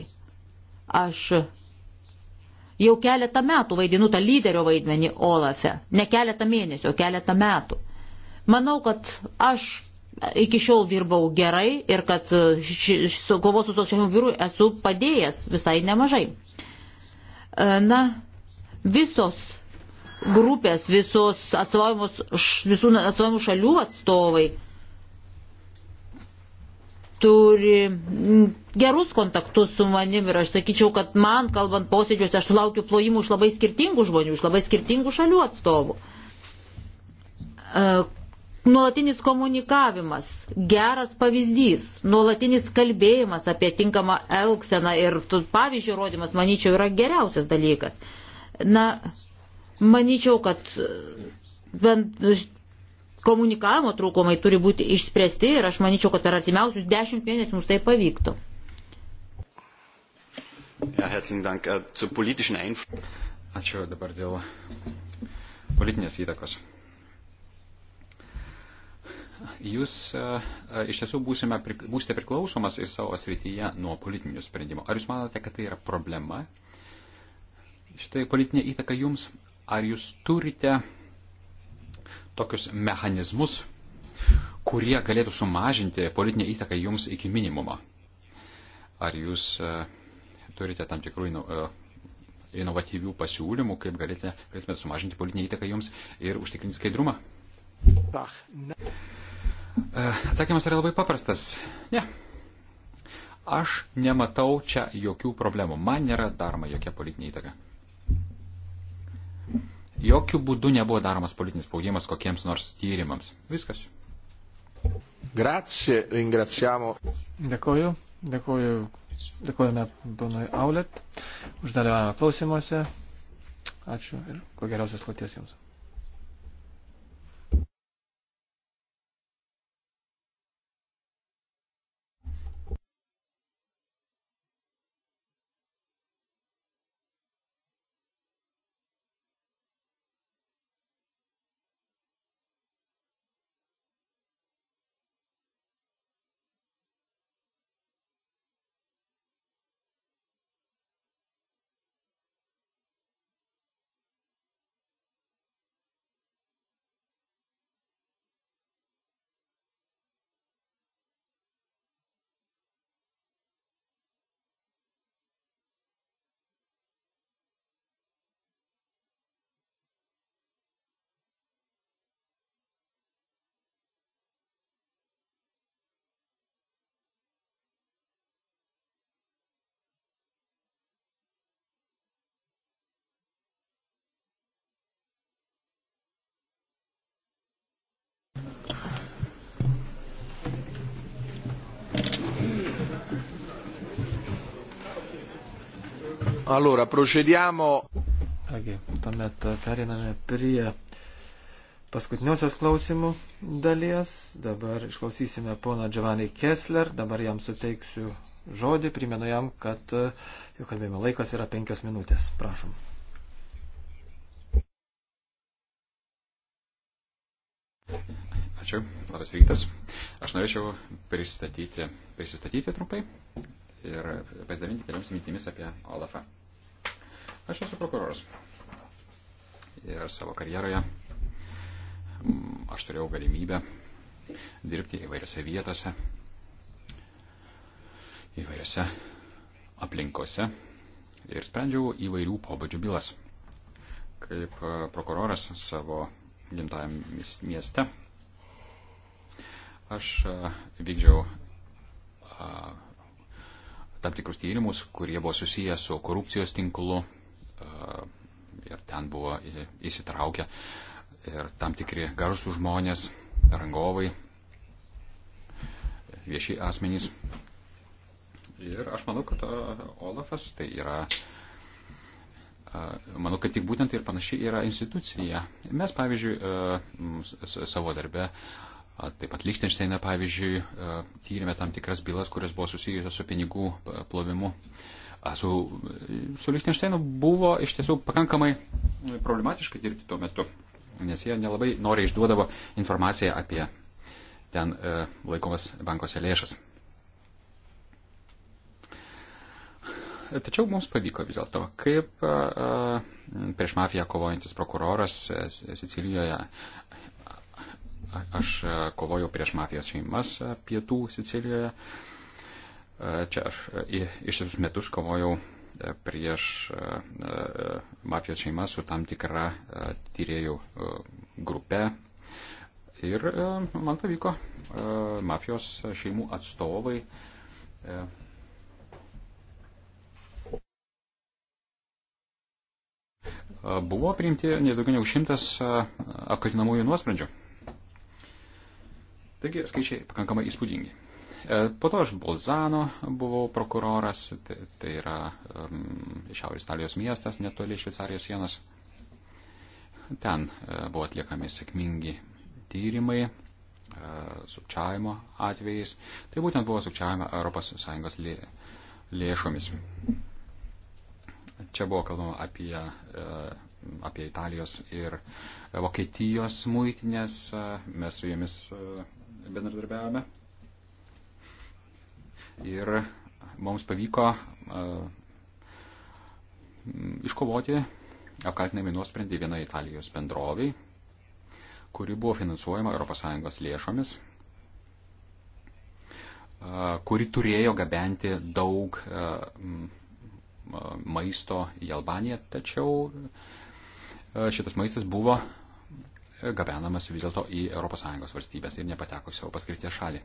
aš jau keletą metų vaidinu tą lyderio vaidmenį Olafe. Ne keletą mėnesių, o keletą metų. Manau, kad aš iki šiol dirbau gerai ir kad ši, su kovos su sukčiavimu biurui esu padėjęs visai nemažai. E, na, visos grupės, visos atstovavimus, visų atstovavimų šalių atstovai turi gerus kontaktus su manim ir aš sakyčiau, kad man, kalbant posėdžiuose, aš sulaukiu plojimų iš labai skirtingų žmonių, iš labai skirtingų šalių atstovų e, nuolatinis komunikavimas, geras pavyzdys, nuolatinis kalbėjimas apie tinkamą elgseną ir pavyzdžių rodimas, manyčiau, yra geriausias dalykas. Na, manyčiau, kad e, bent nu, komunikavimo trūkumai turi būti išspręsti ir aš manyčiau, kad per artimiausius dešimt mėnesių mums tai pavyktų. Äh, Ačiū dabar dėl politinės įtakos jūs e, e, iš tiesų būsime, būsite priklausomas ir savo srityje nuo politinių sprendimų. Ar jūs manote, kad tai yra problema? Štai politinė įtaka jums. Ar jūs turite tokius mechanizmus, kurie galėtų sumažinti politinę įtaką jums iki minimumo? Ar jūs e, turite tam tikrų inovatyvių pasiūlymų, kaip galite, galėtumėte sumažinti politinę įtaką jums ir užtikrinti skaidrumą? E, atsakymas yra labai paprastas. Ne. Aš nematau čia jokių problemų. Man nėra daroma jokia politinė įtaka. Jokių būdų nebuvo daromas politinis spaudimas kokiems nors tyrimams. Viskas. Grazie, ringraziamo. Dėkoju, dėkoju, dėkojame Donui Aulet už dalyvavimą klausimuose. Ačiū ir kuo geriausios kloties jums. Allora, procediamo. Kągi, tuomet periname prie paskutiniosios klausimų dalies. Dabar išklausysime poną Giovanni Kessler. Dabar jam suteiksiu žodį. Primenu jam, kad jo kalbėjimo laikas yra penkios minutės. Prašom. Ačiū, labas rytas. Aš norėčiau prisistatyti, prisistatyti trumpai ir pasidalinti kelioms mintimis apie Olafą. Aš esu prokuroras. Ir savo karjeroje mm, aš turėjau galimybę dirbti įvairiose vietose, įvairiose aplinkose ir sprendžiau įvairių pobūdžių bylas. Kaip e, prokuroras savo gimtajam mieste aš e, vykdžiau e, tam tikrus tyrimus, kurie buvo susiję su korupcijos tinklu, ir ten buvo įsitraukę ir tam tikri garsų žmonės, rangovai, vieši asmenys. Ir aš manau, kad Olafas tai yra, manau, kad tik būtent ir panašiai yra institucija. Mes, pavyzdžiui, savo darbe, taip pat Lichtensteine, pavyzdžiui, tyrėme tam tikras bylas, kurios buvo susijusios su pinigų plovimu. Uh, Su, su Lichtensteinu buvo iš tiesų pakankamai problematiška dirbti tuo metu, nes jie nelabai noriai išduodavo informaciją apie ten e, laikomas bankose lėšas. Tačiau mums pavyko vis dėlto, kaip a, e, e, prieš mafiją kovojantis prokuroras e, Sicilijoje, aš a, kovojau prieš mafijos šeimas a, pietų Sicilijoje. A, Čia aš e, iš visus metus kovojau e, prieš e, mafijos šeimą su tam tikra tyriejų grupe. Ir man pavyko mafijos šeimų atstovai buvo priimti nedaugiau negu šimtas apkaltinamųjų nuosprendžių. Taigi skaičiai pakankamai įspūdingi. E, po to aš Bolzano buvau prokuroras, tai, tai yra um, Šiaurės Italijos miestas netoli Šveicarijos sienos. Ten uh, buvo atliekami sėkmingi tyrimai uh, sukčiavimo atvejais. Tai būtent buvo sukčiavimo ES lė, lėšomis. Čia buvo kalbama apie, uh, apie Italijos ir Vokietijos muitinės. Mes su jomis bendradarbiavome ir mums pavyko iškovoti apkaltinami nuosprendį vienai Italijos bendroviai, kuri buvo finansuojama ES lėšomis, kuri turėjo gabenti daug maisto į Albaniją, tačiau šitas maistas buvo gabenamas vis dėlto į ES valstybės ir nepateko savo paskirties šalį.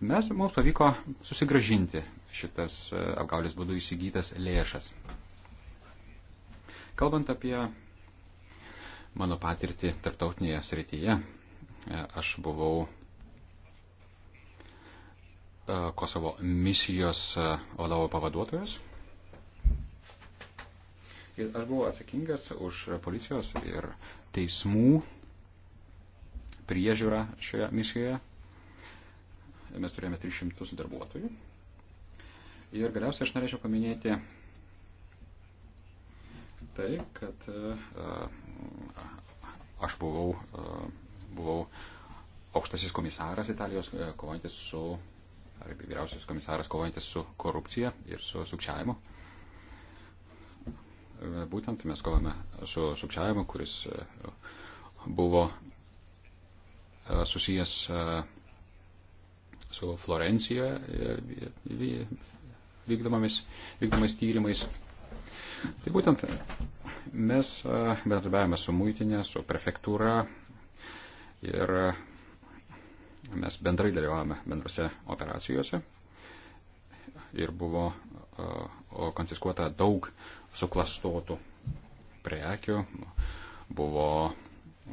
Mes, mums pavyko susigražinti šitas e, apgaulės būdų įsigytas lėšas. Kalbant apie mano patirtį tarptautinėje srityje, e, aš buvau e, Kosovo misijos vadovo pavaduotojas. Ir aš buvau atsakingas už policijos ir teismų priežiūrą šioje misijoje mes turėjome 300 darbuotojų. Ir galiausiai aš norėčiau paminėti tai, kad aš buvau, buvau aukštasis komisaras Italijos e, kovojantis su, ar vyriausias komisaras kovojantis su korupcija ir su sukčiavimu. E, būtent mes kovame su sukčiavimu, kuris e, buvo susijęs su Florencijoje e, vykdomais, vykdomais tyrimais. Tai būtent mes e, bendradarbiavame su muitinė, su prefektūra ir e, mes bendrai dalyvavome bendrose operacijose ir buvo konfiskuota daug suklastotų prekių, buvo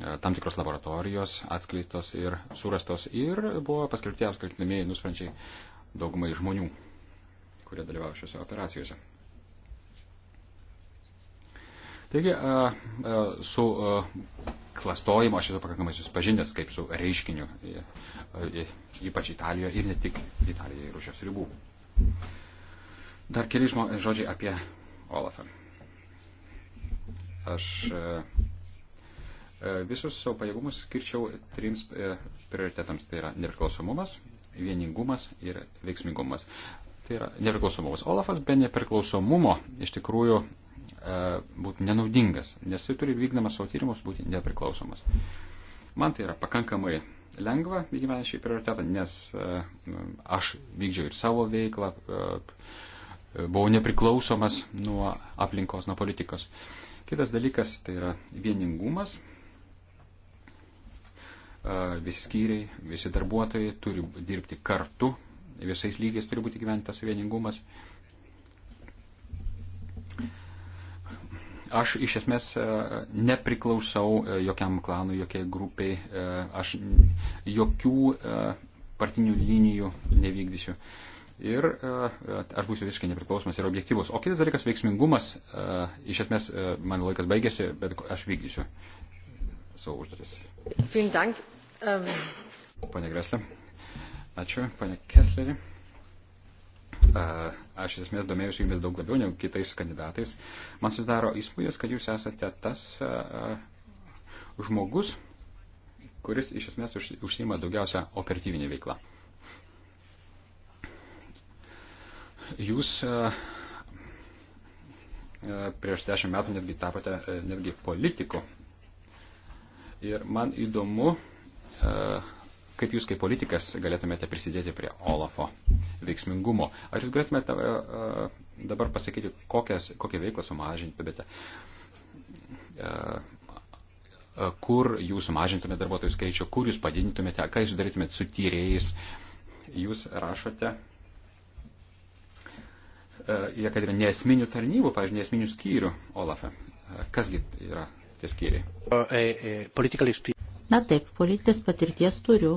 E, tam tikros laboratorijos atskleistos ir surastos ir buvo paskirti apskaltinamieji nusprenčiai daugumai žmonių, kurie dalyvavo šiuose operacijose. Taigi, e, e, su klastojimu aš esu pakankamai susipažinęs kaip su reiškiniu, ypač Italijoje ir ne tik Italijoje ir už jos ribų. Dar keli žodžiai apie Olafą. Aš E, visus savo pajėgumus skirčiau trims e, prioritetams. Tai yra nepriklausomumas, vieningumas ir veiksmingumas. Tai yra nepriklausomumas. Olafas be nepriklausomumo iš tikrųjų e, būtų nenaudingas, nes jis turi vykdamas savo tyrimus būti nepriklausomas. Man tai yra pakankamai lengva įgyventi šį prioritetą, nes aš vykdžiau ir savo veiklą, buvau nepriklausomas nuo aplinkos, nuo politikos. Kitas dalykas tai yra vieningumas visi skyriai, visi darbuotojai turi dirbti kartu, visais lygiais turi būti gyventas vieningumas. Aš iš esmės nepriklausau jokiam klanui, jokiai grupiai, aš jokių partinių linijų nevykdysiu. Ir aš būsiu visiškai nepriklausomas ir objektyvus. O kitas dalykas - veiksmingumas. Iš esmės, man laikas baigėsi, bet aš vykdysiu savo užduotis. Vielen Dank. Um. Pane Greslė, ačiū, pane Kesleri. Aš iš esmės domėjusi jumis daug labiau negu kitais kandidatais. Man susidaro įspūdis, kad jūs esate tas žmogus, kuris iš esmės užsima daugiausia operatyvinė veikla. Jūs prieš dešimt metų netgi tapote netgi politiku. Ir man įdomu, kaip jūs kaip politikas galėtumėte prisidėti prie Olafo veiksmingumo. Ar jūs galėtumėte e, e, dabar pasakyti, kokias, kokią veiklą sumažintumėte, e, kur jūs sumažintumėte darbuotojų skaičių, kur jūs padidintumėte, ką jūs darytumėte su tyrėjais. Jūs rašote į akademiją nesminių tarnybų, pavyzdžiui, nesminių skyrių Olafe. Kasgi yra tie skyriai? Na taip, politinės patirties turiu.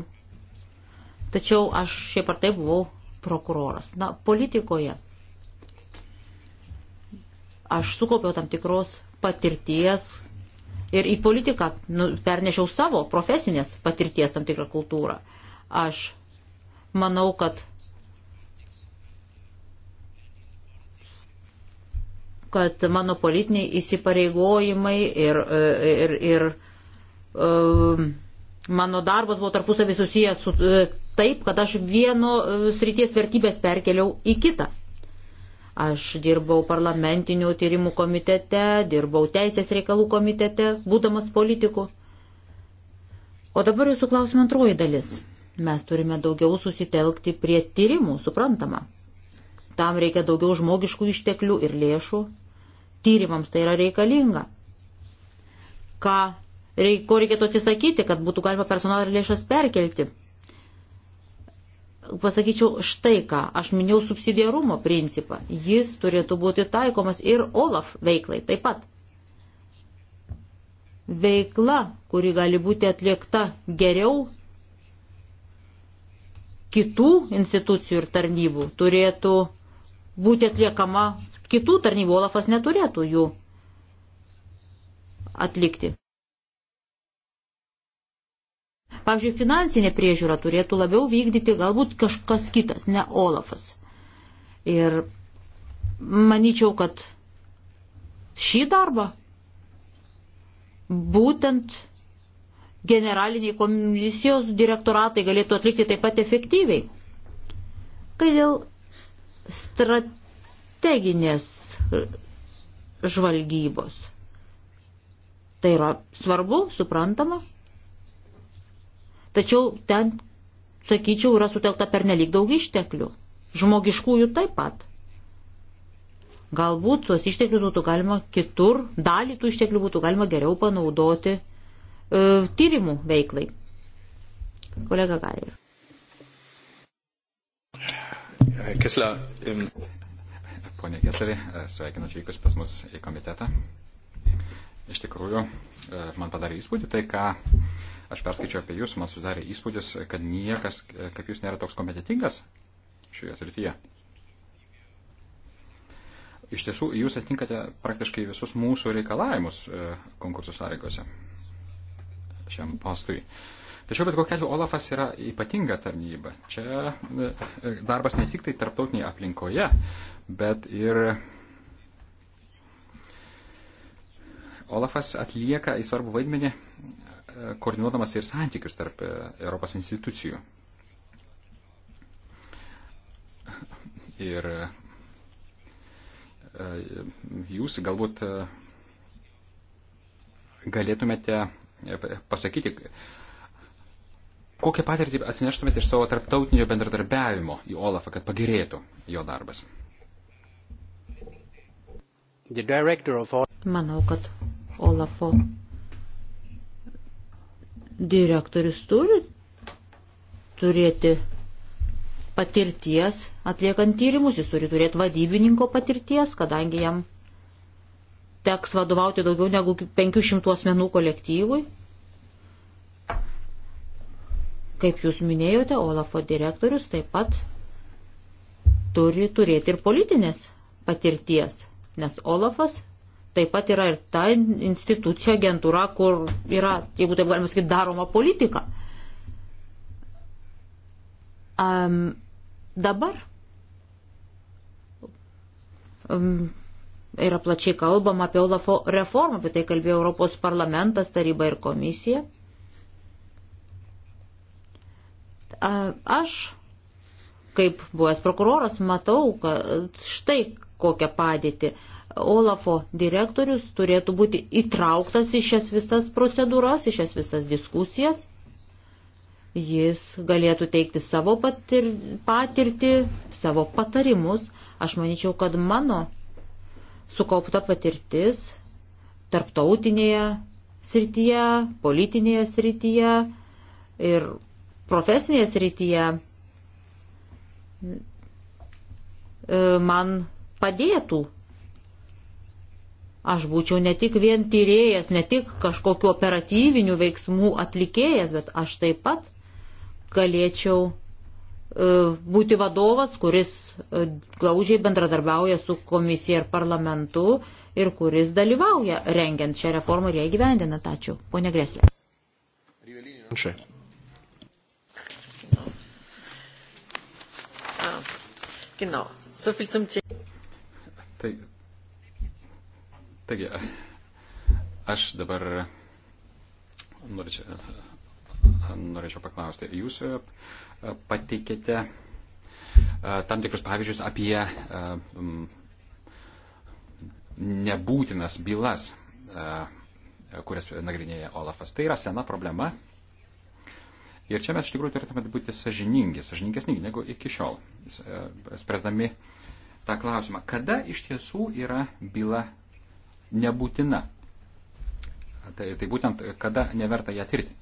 Tačiau aš šiaip ar taip buvau prokuroras. Na, politikoje aš sukaupiau tam tikros patirties ir į politiką nu, pernešiau savo profesinės patirties tam tikrą kultūrą. Aš manau, kad kad mano politiniai įsipareigojimai ir, ir, ir Ehm, mano darbas buvo tarpusavį susijęs su e, taip, kad aš vieno e, srities vertybės perkeliau į kitą. Aš dirbau parlamentinių tyrimų komitete, dirbau teisės reikalų komitete, būdamas politiku. O dabar jūsų klausimų antroji dalis. Mes turime daugiau susitelkti prie tyrimų, suprantama. Tam reikia daugiau žmogiškų išteklių ir lėšų. Tyrimams tai yra reikalinga. Ką reik, ko reikėtų atsisakyti, kad būtų galima personalą ir lėšas perkelti. Pasakyčiau štai ką, aš minėjau subsidiarumo principą. Jis turėtų būti taikomas ir OLAF veiklai taip pat. Veikla, kuri gali būti atliekta geriau kitų institucijų ir tarnybų, turėtų būti atliekama kitų tarnybų, OLAFas neturėtų jų atlikti. Pavyzdžiui, finansinė priežiūra turėtų labiau vykdyti galbūt kažkas kitas, ne Olafas. Ir manyčiau, kad šį darbą būtent generaliniai komisijos direktoratai galėtų atlikti taip pat efektyviai. Kai dėl strateginės žvalgybos. Tai yra svarbu, suprantama, Tačiau ten, sakyčiau, yra sutelkta per nelik daug išteklių. Žmogiškųjų taip pat. Galbūt tuos išteklius būtų galima kitur, dalį tų išteklių būtų galima geriau panaudoti e, tyrimų veiklai. Kolega Gair. Kesler. Im... Pone Keslerį, e, sveikinu atvykus pas mus į komitetą. Iš tikrųjų, e, man padarė įspūdį tai, ką Aš perskaičiau apie jūs, man sudarė įspūdis, kad niekas, kaip jūs, nėra toks kompetitingas šioje srityje. Iš tiesų, jūs atinkate praktiškai visus mūsų reikalavimus e, konkursų sąlygose šiam postui. Tačiau bet kokia atveju Olafas yra ypatinga tarnyba. Čia e, e, darbas ne tik tai tarptautinėje aplinkoje, bet ir Olafas atlieka į svarbų vaidmenį koordinuodamas ir santykius tarp e, Europos institucijų. Ir e, jūs galbūt e, galėtumėte pasakyti, kokią patirtį atsineštumėte iš savo tarptautinio bendradarbiavimo į Olafą, kad pagerėtų jo darbas. Manau, kad Olafo direktorius turi turėti patirties atliekant tyrimus, jis turi turėti vadybininko patirties, kadangi jam teks vadovauti daugiau negu 500 asmenų kolektyvui. Kaip jūs minėjote, Olafo direktorius taip pat turi turėti ir politinės patirties, nes Olafas taip pat yra ir ta institucija, agentūra, kur yra, jeigu taip galima sakyti, daroma politika. Um, dabar um, yra plačiai kalbama apie Olafo reformą, apie tai kalbėjo Europos parlamentas, taryba ir komisija. Aš, kaip buvęs prokuroras, matau, kad štai kokią padėtį Olafo direktorius turėtų būti įtrauktas į šias visas procedūras, į šias visas diskusijas. Jis galėtų teikti savo patir, patirtį, savo patarimus. Aš manyčiau, kad mano sukaupta patirtis tarptautinėje srityje, politinėje srityje ir profesinėje srityje e, man padėtų Aš būčiau ne tik vien tyrėjas, ne tik kažkokiu operatyviniu veiksmu atlikėjas, bet aš taip pat galėčiau e, būti vadovas, kuris e, glaužiai bendradarbiauja su komisija ir parlamentu ir kuris dalyvauja rengiant šią reformą ir ją įgyvendinant. Ačiū. Pone Greslė. Tai Taigi, aš dabar norėčiau, norėčiau paklausti, jūs e, pateikėte e, tam tikrus pavyzdžius apie e, nebūtinas bylas, kurias nagrinėja Olafas. Tai yra sena problema. Ir čia mes iš tikrųjų turėtume būti sažiningi, sažiningesni negu iki šiol, spręsdami tą klausimą, kada iš tiesų yra byla nebūtina. Tai, tai būtent kada neverta ją tirti.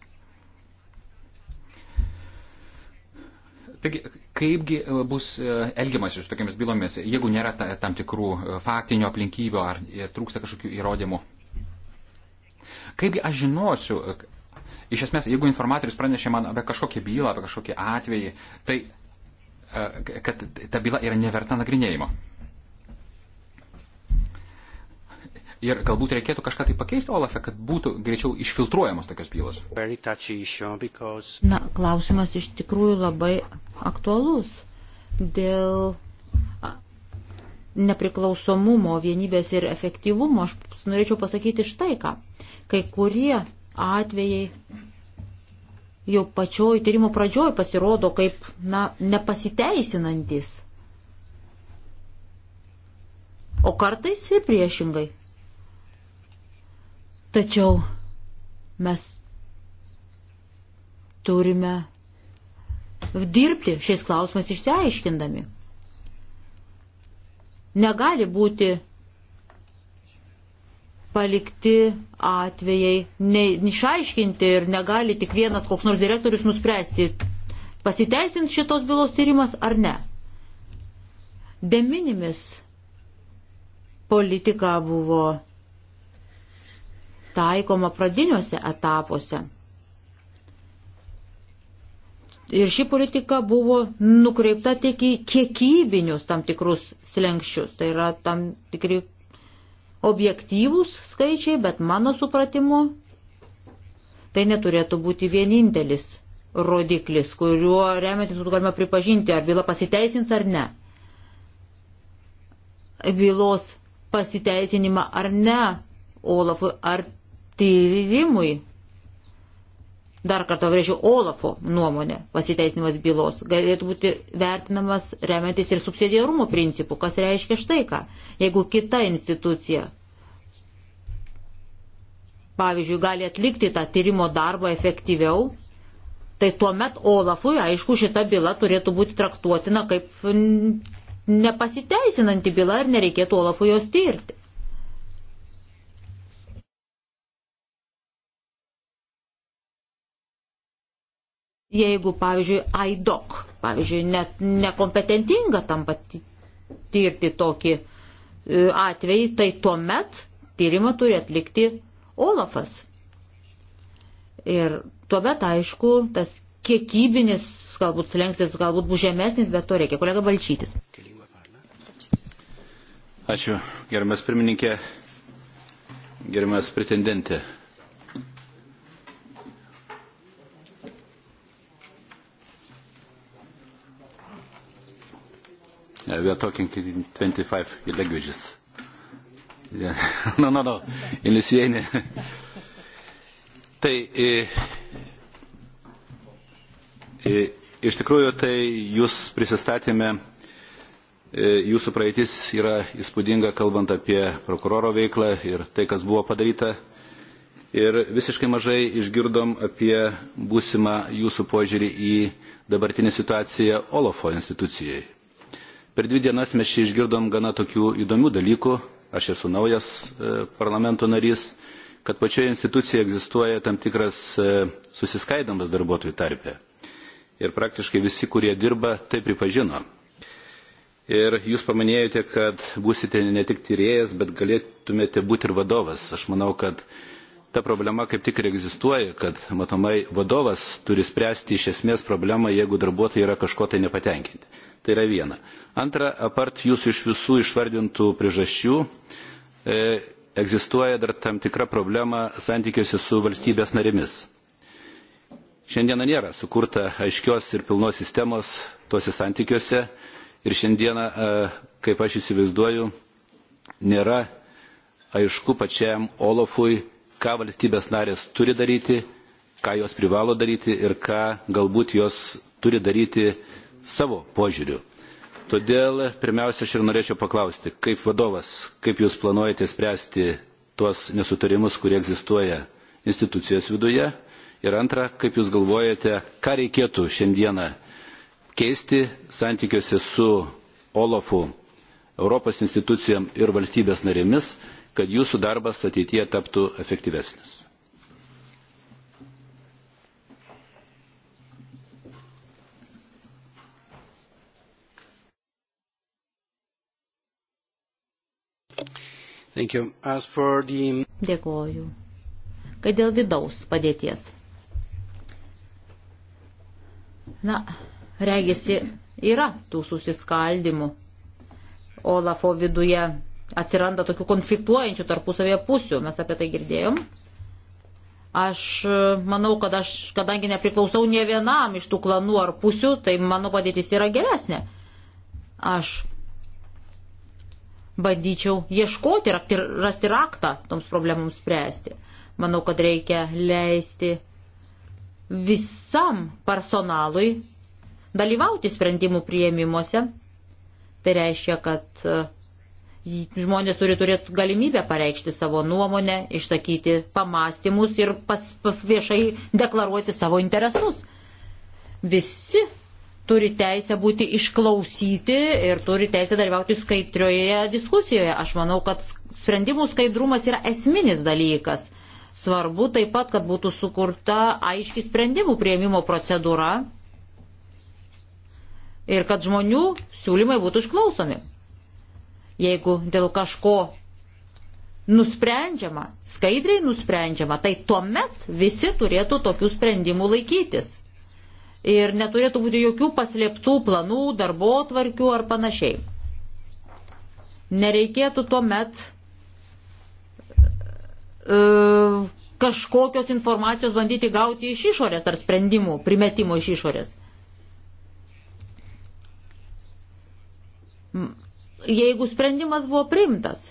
Taigi, kaipgi e, bus e, elgiamasi su tokiamis bylomis, jeigu nėra ta, tam tikrų e, faktinių aplinkybių ar trūksta kažkokių įrodymų? Kaipgi aš žinosiu, iš esmės, jeigu informatorius pranešė man apie kažkokią bylą, apie kažkokį atvejį, tai kad ta byla yra neverta nagrinėjimo. Ir galbūt reikėtų kažką tai pakeisti Olafe, kad būtų greičiau išfiltruojamos tokios bylos. Na, klausimas iš tikrųjų labai aktualus dėl nepriklausomumo, vienybės ir efektyvumo. Aš norėčiau pasakyti štai ką. Kai kurie atvejai jau pačioj tyrimo pradžioj pasirodo kaip, na, nepasiteisinantis. O kartais ir priešingai. Tačiau mes turime dirbti šiais klausimais išsiaiškindami. Negali būti palikti atvejai, neišaiškinti ir negali tik vienas koks nors direktorius nuspręsti, pasiteisins šitos bylos tyrimas ar ne. Deminimis politika buvo taikoma pradiniuose etapuose. Ir ši politika buvo nukreipta tik į kiekybinius tam tikrus slengščius. Tai yra tam tikri objektyvūs skaičiai, bet mano supratimu tai neturėtų būti vienintelis rodiklis, kuriuo remiantis būtų galima pripažinti, ar byla pasiteisins ar ne. Bylos pasiteisinimą ar ne Olafui, ar tyrimui, dar kartą vrėžiu, Olafo nuomonė pasiteisinimas bylos galėtų būti vertinamas remiantis ir subsidiarumo principu, kas reiškia štai ką. Jeigu kita institucija, pavyzdžiui, gali atlikti tą tyrimo darbą efektyviau, tai tuomet Olafui, aišku, šita byla turėtų būti traktuotina kaip nepasiteisinanti byla ir nereikėtų Olafui jos tirti. Jeigu, pavyzdžiui, AIDOC, pavyzdžiui, net nekompetentinga tam patirti tokį e, atvejį, tai tuomet tyrimą turi atlikti Olafas. Ir tuomet, aišku, tas kiekybinis, galbūt slengstis, galbūt bus žemesnis, bet to reikia. Kolega Balčytis. Ačiū, gerbiamas pirmininkė, gerbiamas pretendentė. Yeah, we are talking in 25 languages. Yeah. no, no, no, in Lithuania. tai e, e, iš tikrųjų, tai jūs prisistatėme, e, jūsų praeitis yra įspūdinga, kalbant apie prokuroro veiklą ir tai, kas buvo padaryta. Ir visiškai mažai išgirdom apie būsimą jūsų požiūrį į dabartinę situaciją Olofo institucijai Per dvi dienas mes čia išgirdom gana tokių įdomių dalykų, aš esu naujas e, parlamento narys, kad pačioje institucijoje egzistuoja tam tikras e, susiskaidamas darbuotojų tarpė. Ir praktiškai visi, kurie dirba, tai pripažino. Ir jūs paminėjote, kad būsite ne tik tyrėjas, bet galėtumėte būti ir vadovas. Aš manau, kad ta problema kaip tik ir egzistuoja, kad matomai vadovas turi spręsti iš esmės problemą, jeigu darbuotojai yra kažko tai nepatenkinti. Tai yra viena. Antra, apart jūsų iš visų išvardintų priežasčių, e, egzistuoja dar tam tikra problema santykiuose su valstybės narėmis. Šiandieną nėra sukurta aiškios ir pilnos sistemos tuose santykiuose ir šiandieną, e, kaip aš įsivaizduoju, nėra aišku pačiam Olofui, ką valstybės narės turi daryti, ką jos privalo daryti ir ką galbūt jos turi daryti savo požiūriu. Todėl pirmiausia, aš ir norėčiau paklausti, kaip vadovas, kaip jūs planuojate spręsti tuos nesutarimus, kurie egzistuoja institucijos viduje. Ir antra, kaip jūs galvojate, ką reikėtų šiandieną keisti santykiuose su Olafu, Europos institucijom ir valstybės narėmis, kad jūsų darbas ateityje taptų efektyvesnis. The... Dėkoju. Kad dėl vidaus padėties. Na, regisi, yra tų susiskaldimų. Olafo viduje atsiranda tokių konfliktuojančių tarpusavėje pusių, mes apie tai girdėjom. Aš manau, kad aš, kadangi nepriklausau ne vienam iš tų klanų ar pusių, tai mano padėtis yra geresnė. Aš bandyčiau ieškoti ir rasti raktą toms problemams spręsti. Manau, kad reikia leisti visam personalui dalyvauti sprendimų prieimimuose. Tai reiškia, kad e, žmonės turi turėti galimybę pareikšti savo nuomonę, išsakyti pamastymus ir pas, viešai deklaruoti savo interesus. Visi turi teisę būti išklausyti ir turi teisę dalyvauti skaitrioje diskusijoje. Aš manau, kad sprendimų skaidrumas yra esminis dalykas. Svarbu taip pat, kad būtų sukurta aiški sprendimų prieimimo procedūra ir kad žmonių siūlymai būtų išklausomi. Jeigu dėl kažko nusprendžiama, skaidriai nusprendžiama, tai tuomet visi turėtų tokių sprendimų laikytis ir neturėtų būti jokių paslėptų planų, darbo tvarkių ar panašiai. Nereikėtų tuomet e, kažkokios informacijos bandyti gauti iš išorės ar sprendimų, primetimo iš išorės. Jeigu sprendimas buvo priimtas,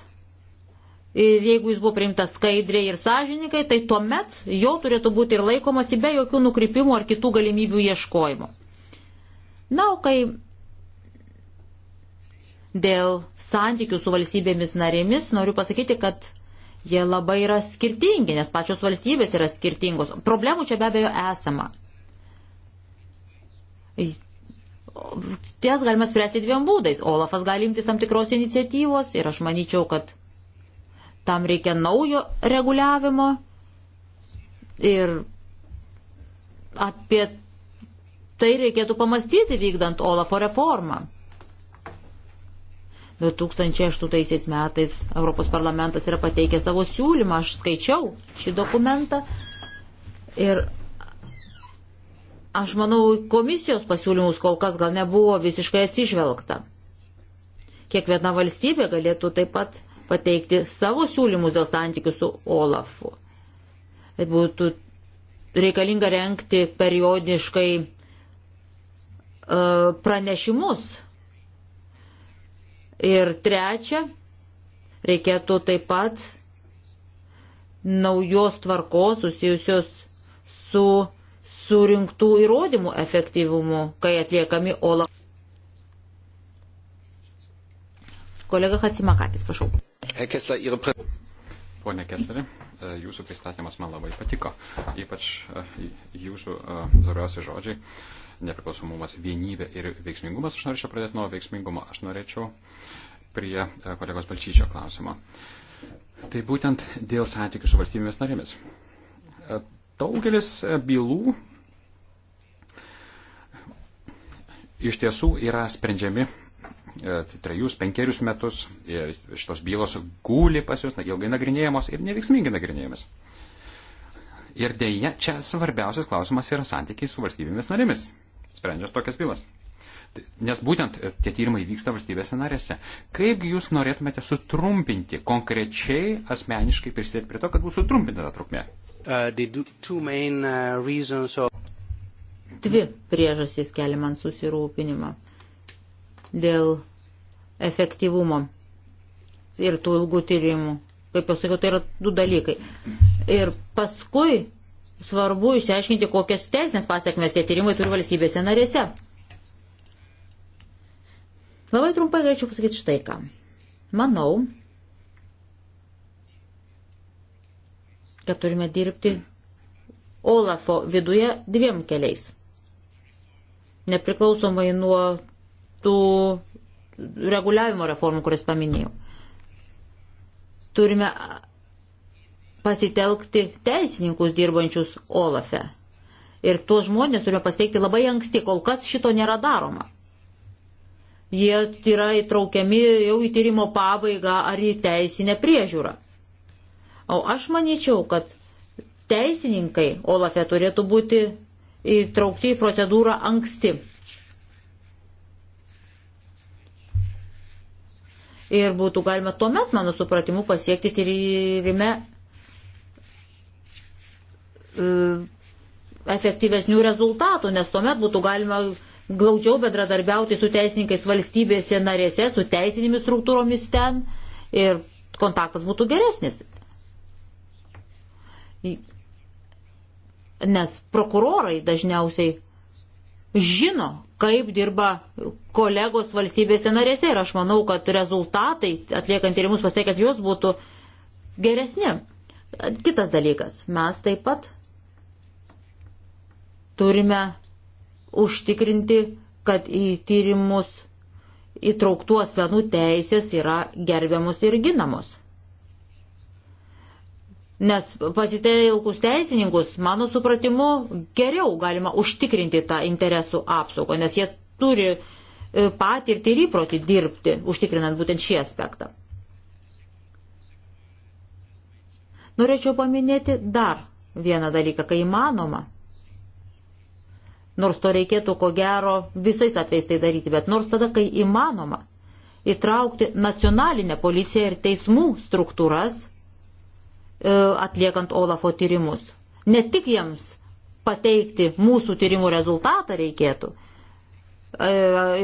Ir jeigu jis buvo priimtas skaidriai ir sąžininkai, tai tuomet jo turėtų būti ir laikomasi be jokių nukrypimų ar kitų galimybių ieškojimo. Na, o kai dėl santykių su valstybėmis narėmis noriu pasakyti, kad jie labai yra skirtingi, nes pačios valstybės yra skirtingos. Problemų čia be abejo esama. Ties galime spręsti dviem būdais. Olafas gali imtis tam tikros iniciatyvos ir aš manyčiau, kad tam reikia naujo reguliavimo ir apie tai reikėtų pamastyti vykdant Olafo reformą. 2008 metais Europos parlamentas yra pateikę savo siūlymą, aš skaičiau šį dokumentą ir aš manau, komisijos pasiūlymus kol kas gal nebuvo visiškai atsižvelgta. Kiekviena valstybė galėtų taip pat pateikti savo siūlymus dėl santykių su Olafu. Tai būtų reikalinga renkti periodiškai e, pranešimus. Ir trečia, reikėtų taip pat naujos tvarkos susijusios su surinktų įrodymų efektyvumu, kai atliekami OLA. Kolega Hatsimakakis, prašau. Pone Kesleri, e, jūsų pristatymas man labai patiko, ypač e, jūsų e, svarbiausi žodžiai - nepriklausomumas, vienybė ir veiksmingumas. Aš norėčiau pradėti nuo veiksmingumo, aš norėčiau prie kolegos Balčyčio klausimą. Tai būtent dėl santykių su valstybėmis narėmis. Daugelis bylų iš tiesų yra sprendžiami E, tai trejus, penkerius metus e, šitos bylos gūli pas jūs, ilgai nagrinėjamos ir neveiksmingai nagrinėjamos. Ir dėja, čia svarbiausias klausimas yra santykiai su valstybėmis narėmis, sprendžiant tokias bylas. Nes būtent e, tie tyrimai vyksta valstybėse narėse. Kaip jūs norėtumėte sutrumpinti, konkrečiai asmeniškai prisidėti prie to, kad būtų sutrumpinta ta trukmė? Uh, uh, Dvi priežastys kelia man susirūpinimą dėl efektyvumo ir tų ilgų tyrimų. Kaip jau sakiau, tai yra du dalykai. Ir paskui svarbu išsiaiškinti, kokias teisinės pasiekmes tie tyrimai turi valstybėse narėse. Labai trumpai galėčiau pasakyti štai ką. Manau, kad turime dirbti Olafo viduje dviem keliais. Nepriklausomai nuo tų reguliavimo reformų, kurias paminėjau. Turime pasitelkti teisininkus dirbančius Olafe. Ir tuos žmonės turime pasteikti labai anksti, kol kas šito nėra daroma. Jie yra įtraukiami jau į tyrimo pabaigą ar į teisinę priežiūrą. O aš manyčiau, kad teisininkai Olafe turėtų būti įtraukti į procedūrą anksti. ir būtų galima tuomet, mano supratimu, pasiekti tyrime e, efektyvesnių rezultatų, nes tuomet būtų galima glaudžiau bedradarbiauti su teisininkais valstybėse narėse, su teisinėmis struktūromis ten ir kontaktas būtų geresnis. Nes prokurorai dažniausiai žino, kaip dirba kolegos valstybėse narėse ir aš manau, kad rezultatai atliekant tyrimus pasiekia, kad jos būtų geresni. Kitas dalykas, mes taip pat turime užtikrinti, kad į tyrimus įtrauktų asmenų teisės yra gerbiamos ir ginamos. Nes pasitelkus teisininkus, mano supratimu, geriau galima užtikrinti tą interesų apsaugą, nes jie turi e, patirtį ir įprotį dirbti, užtikrinant būtent šį aspektą. Norėčiau paminėti dar vieną dalyką, kai įmanoma. Nors to reikėtų, ko gero, visais atvejais tai daryti, bet nors tada, kai įmanoma, įtraukti nacionalinę policiją ir teismų struktūras E, atliekant Olafo tyrimus. Ne tik jiems pateikti mūsų tyrimų rezultatą reikėtų. E,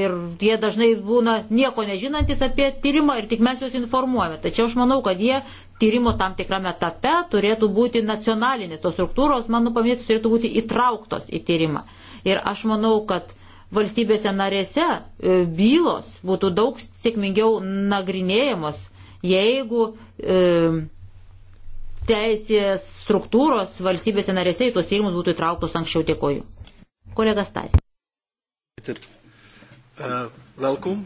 ir jie dažnai būna nieko nežinantis apie tyrimą ir tik mes juos informuojame. Tačiau aš manau, kad jie tyrimo tam tikrame etape turėtų būti nacionalinės tos struktūros, mano paminėtos, turėtų būti įtrauktos į tyrimą. Ir aš manau, kad valstybėse narėse e, bylos būtų daug sėkmingiau nagrinėjamos, jeigu e, teisės struktūros valstybėse narėse į tuos tyrimus būtų įtrauktos anksčiau. Dėkoju. Kolega Stas. Uh, welcome.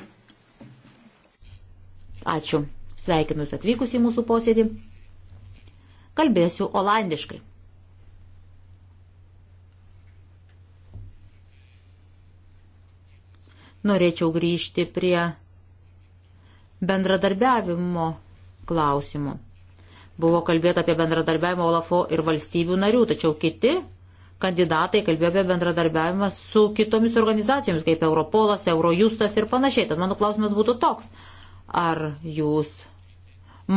Ačiū. Sveikinus atvykus į mūsų posėdį. Kalbėsiu olandiškai. Norėčiau grįžti prie bendradarbiavimo klausimų. Buvo kalbėta apie bendradarbiavimą Olafo ir valstybių narių, tačiau kiti kandidatai kalbėjo apie bendradarbiavimą su kitomis organizacijomis, kaip Europolas, Eurojustas ir panašiai. Tad mano klausimas būtų toks. Ar jūs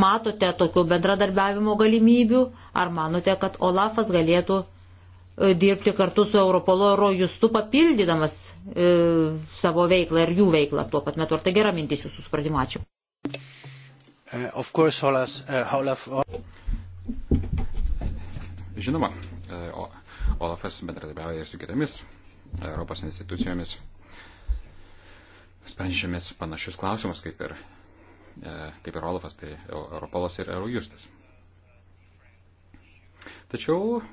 matote tokių bendradarbiavimo galimybių, ar manote, kad Olafas galėtų e, dirbti kartu su Europolo Eurojustu, papildydamas e, savo veiklą ir jų veiklą tuo pat metu? Ar tai gera mintis jūsų supratimu? Ačiū. Uh, of course, Olaf, uh, Olaf, Žinoma, uh, Olafas bendradarbiauja ir su kitomis Europos institucijomis, sprendžiamis panašius klausimus, kaip ir, uh, kaip ir Olafas, tai Europolas ir Eurojustas. Tačiau uh,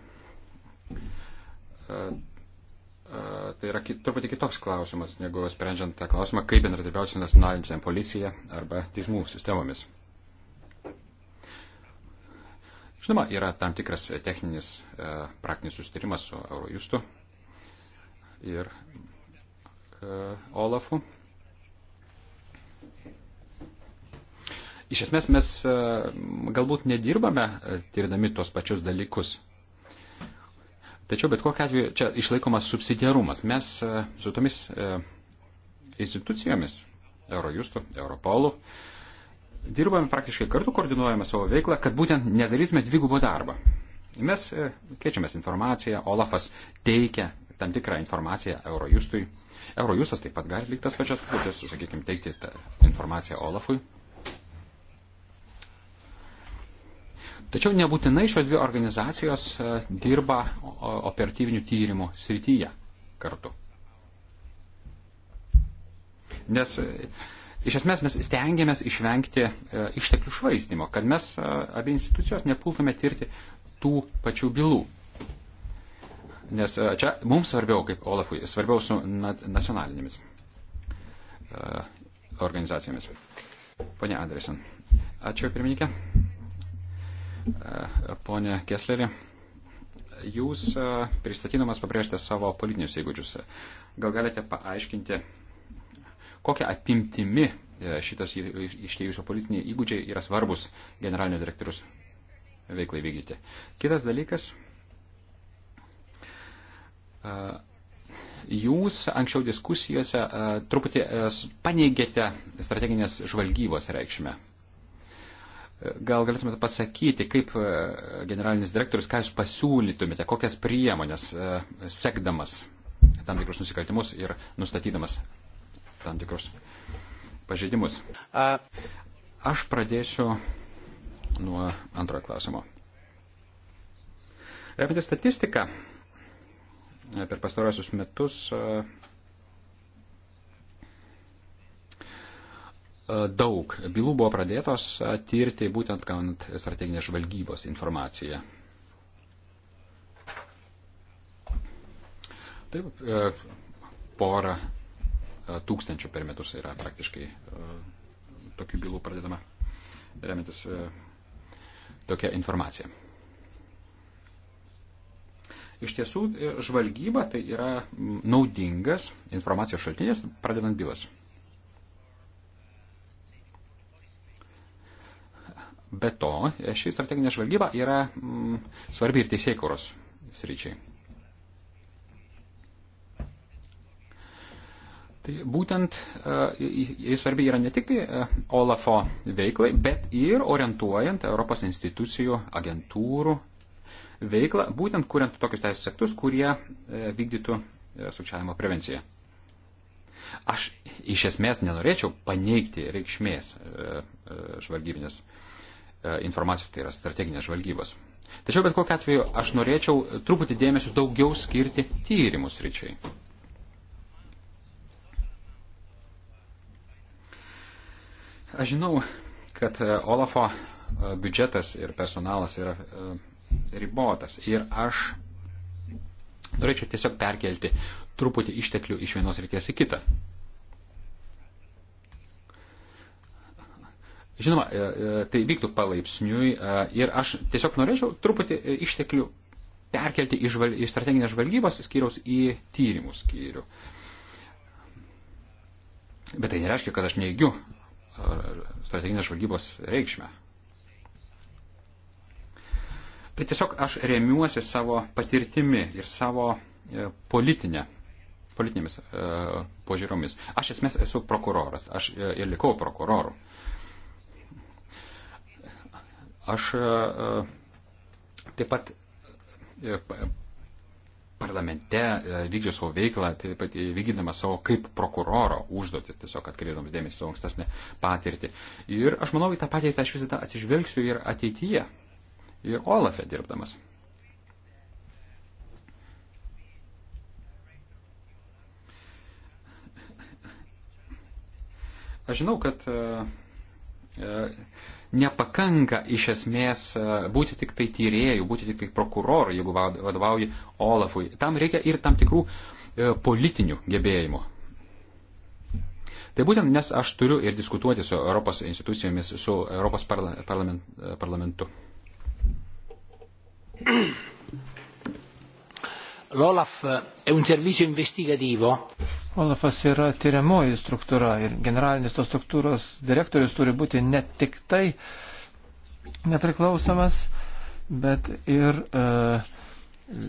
tai yra kit, truputį kitoks klausimas, negu sprendžiant tą klausimą, kaip bendradarbiauti su nacionalinė policija arba teismų sistemomis. Žinoma, yra tam tikras techninis e, praktinis sustarimas su Eurojustu ir e, Olafu. Iš esmės mes e, galbūt nedirbame tirdami tos pačius dalykus. Tačiau bet kokiu atveju čia išlaikomas subsidiarumas. Mes su tomis institucijomis, Eurojustu, Europolu, dirbame praktiškai kartu, koordinuojame savo veiklą, kad būtent nedarytume dvigubo darbo. Mes e, keičiamės informaciją, Olafas teikia tam tikrą informaciją Eurojustui. Eurojustas taip pat gali liktas pačias užduotis, sakykime, teikti tą informaciją Olafui. Tačiau nebūtinai šios dvi organizacijos e, dirba operatyvinių tyrimų srityje kartu. Nes e, Iš esmės mes stengiamės išvengti e, išteklių švaistimo, kad mes e, abi institucijos nepultume tirti tų pačių bylų. Nes e, čia mums svarbiau, kaip Olafui, svarbiau su nacionalinėmis organizacijomis. Pone Andresen. Ačiū, pirmininkė. Pone Kesleri, jūs pristatydamas pabrėžtė savo politinius įgūdžius. Gal galite paaiškinti kokia apimtimi e, šitas šitie jūsų politiniai įgūdžiai yra svarbus generalinio direktorius veiklai vykdyti. Kitas dalykas. E, jūs anksčiau diskusijose e, truputį paneigėte strateginės žvalgybos reikšmę. Gal galėtumėte pasakyti, kaip generalinis direktorius, ką jūs pasiūlytumėte, kokias priemonės sekdamas tam tikrus nusikaltimus ir nustatydamas tam tikrus pažeidimus. Aš pradėsiu nuo antrojo klausimo. Remiantis statistiką, per pastarosius metus daug bylų buvo pradėtos tirti būtent gaunant strateginės žvalgybos informaciją. Taip, porą E, tūkstančių per metus yra praktiškai e, tokių bylų pradedama remiantis e, tokia informacija. Iš tiesų, žvalgyba tai yra naudingas informacijos šaltinis, pradedant bylas. Be to, ši strateginė žvalgyba yra mm, svarbi ir teisėkuros sryčiai. Tai būtent e, jis svarbi yra ne tik tai Olafo veiklai, bet ir orientuojant Europos institucijų, agentūrų veiklą, būtent kuriant tokius teisės aktus, kurie e, vykdytų sukčiavimo prevenciją. Aš iš esmės nenorėčiau paneigti reikšmės žvalgybinės informacijos, tai yra strateginės žvalgybos. Tačiau bet kokiu atveju aš norėčiau truputį dėmesio daugiau skirti tyrimus ryčiai. Aš žinau, kad e, Olafo e, biudžetas ir personalas yra e, ribotas. Ir aš norėčiau tiesiog perkelti truputį išteklių iš vienos ryties į kitą. Žinoma, tai vyktų palaipsniui ir aš tiesiog norėčiau truputį išteklių perkelti iš, žval, iš strateginės žvalgybos skyriaus į tyrimų skyrių. Bet tai nereiškia, kad aš neigiu strateginės žvalgybos reikšmę. Tai tiesiog aš remiuosi savo patirtimi ir savo e, politinę, politinėmis e, požiūromis. Aš esmės esu prokuroras, aš e, ir likau prokuroru. Aš taip pat parlamente e, vykdžiu savo veiklą, taip pat vykdydama savo kaip prokuroro užduotį, tiesiog atkreipdamas dėmesį savo ankstesnę patirtį. Ir aš manau, į tą patirtį aš visada atsižvelgsiu ir ateityje, ir Olafe dirbdamas. Aš žinau, kad e, e, nepakanka iš esmės e, būti tik tai tyrėjų, būti tik tai prokuroru, jeigu vadovauji Olafui. Tam reikia ir tam tikrų e, politinių gebėjimų. Tai būtent nes aš turiu ir diskutuoti su Europos institucijomis, su Europos parlament, e, parlamentu. L'Olaf eh, è un servizio investigativo. Olafas yra tyriamoji struktūra ir generalinis tos struktūros direktorius turi būti ne tik tai nepriklausomas, bet ir e,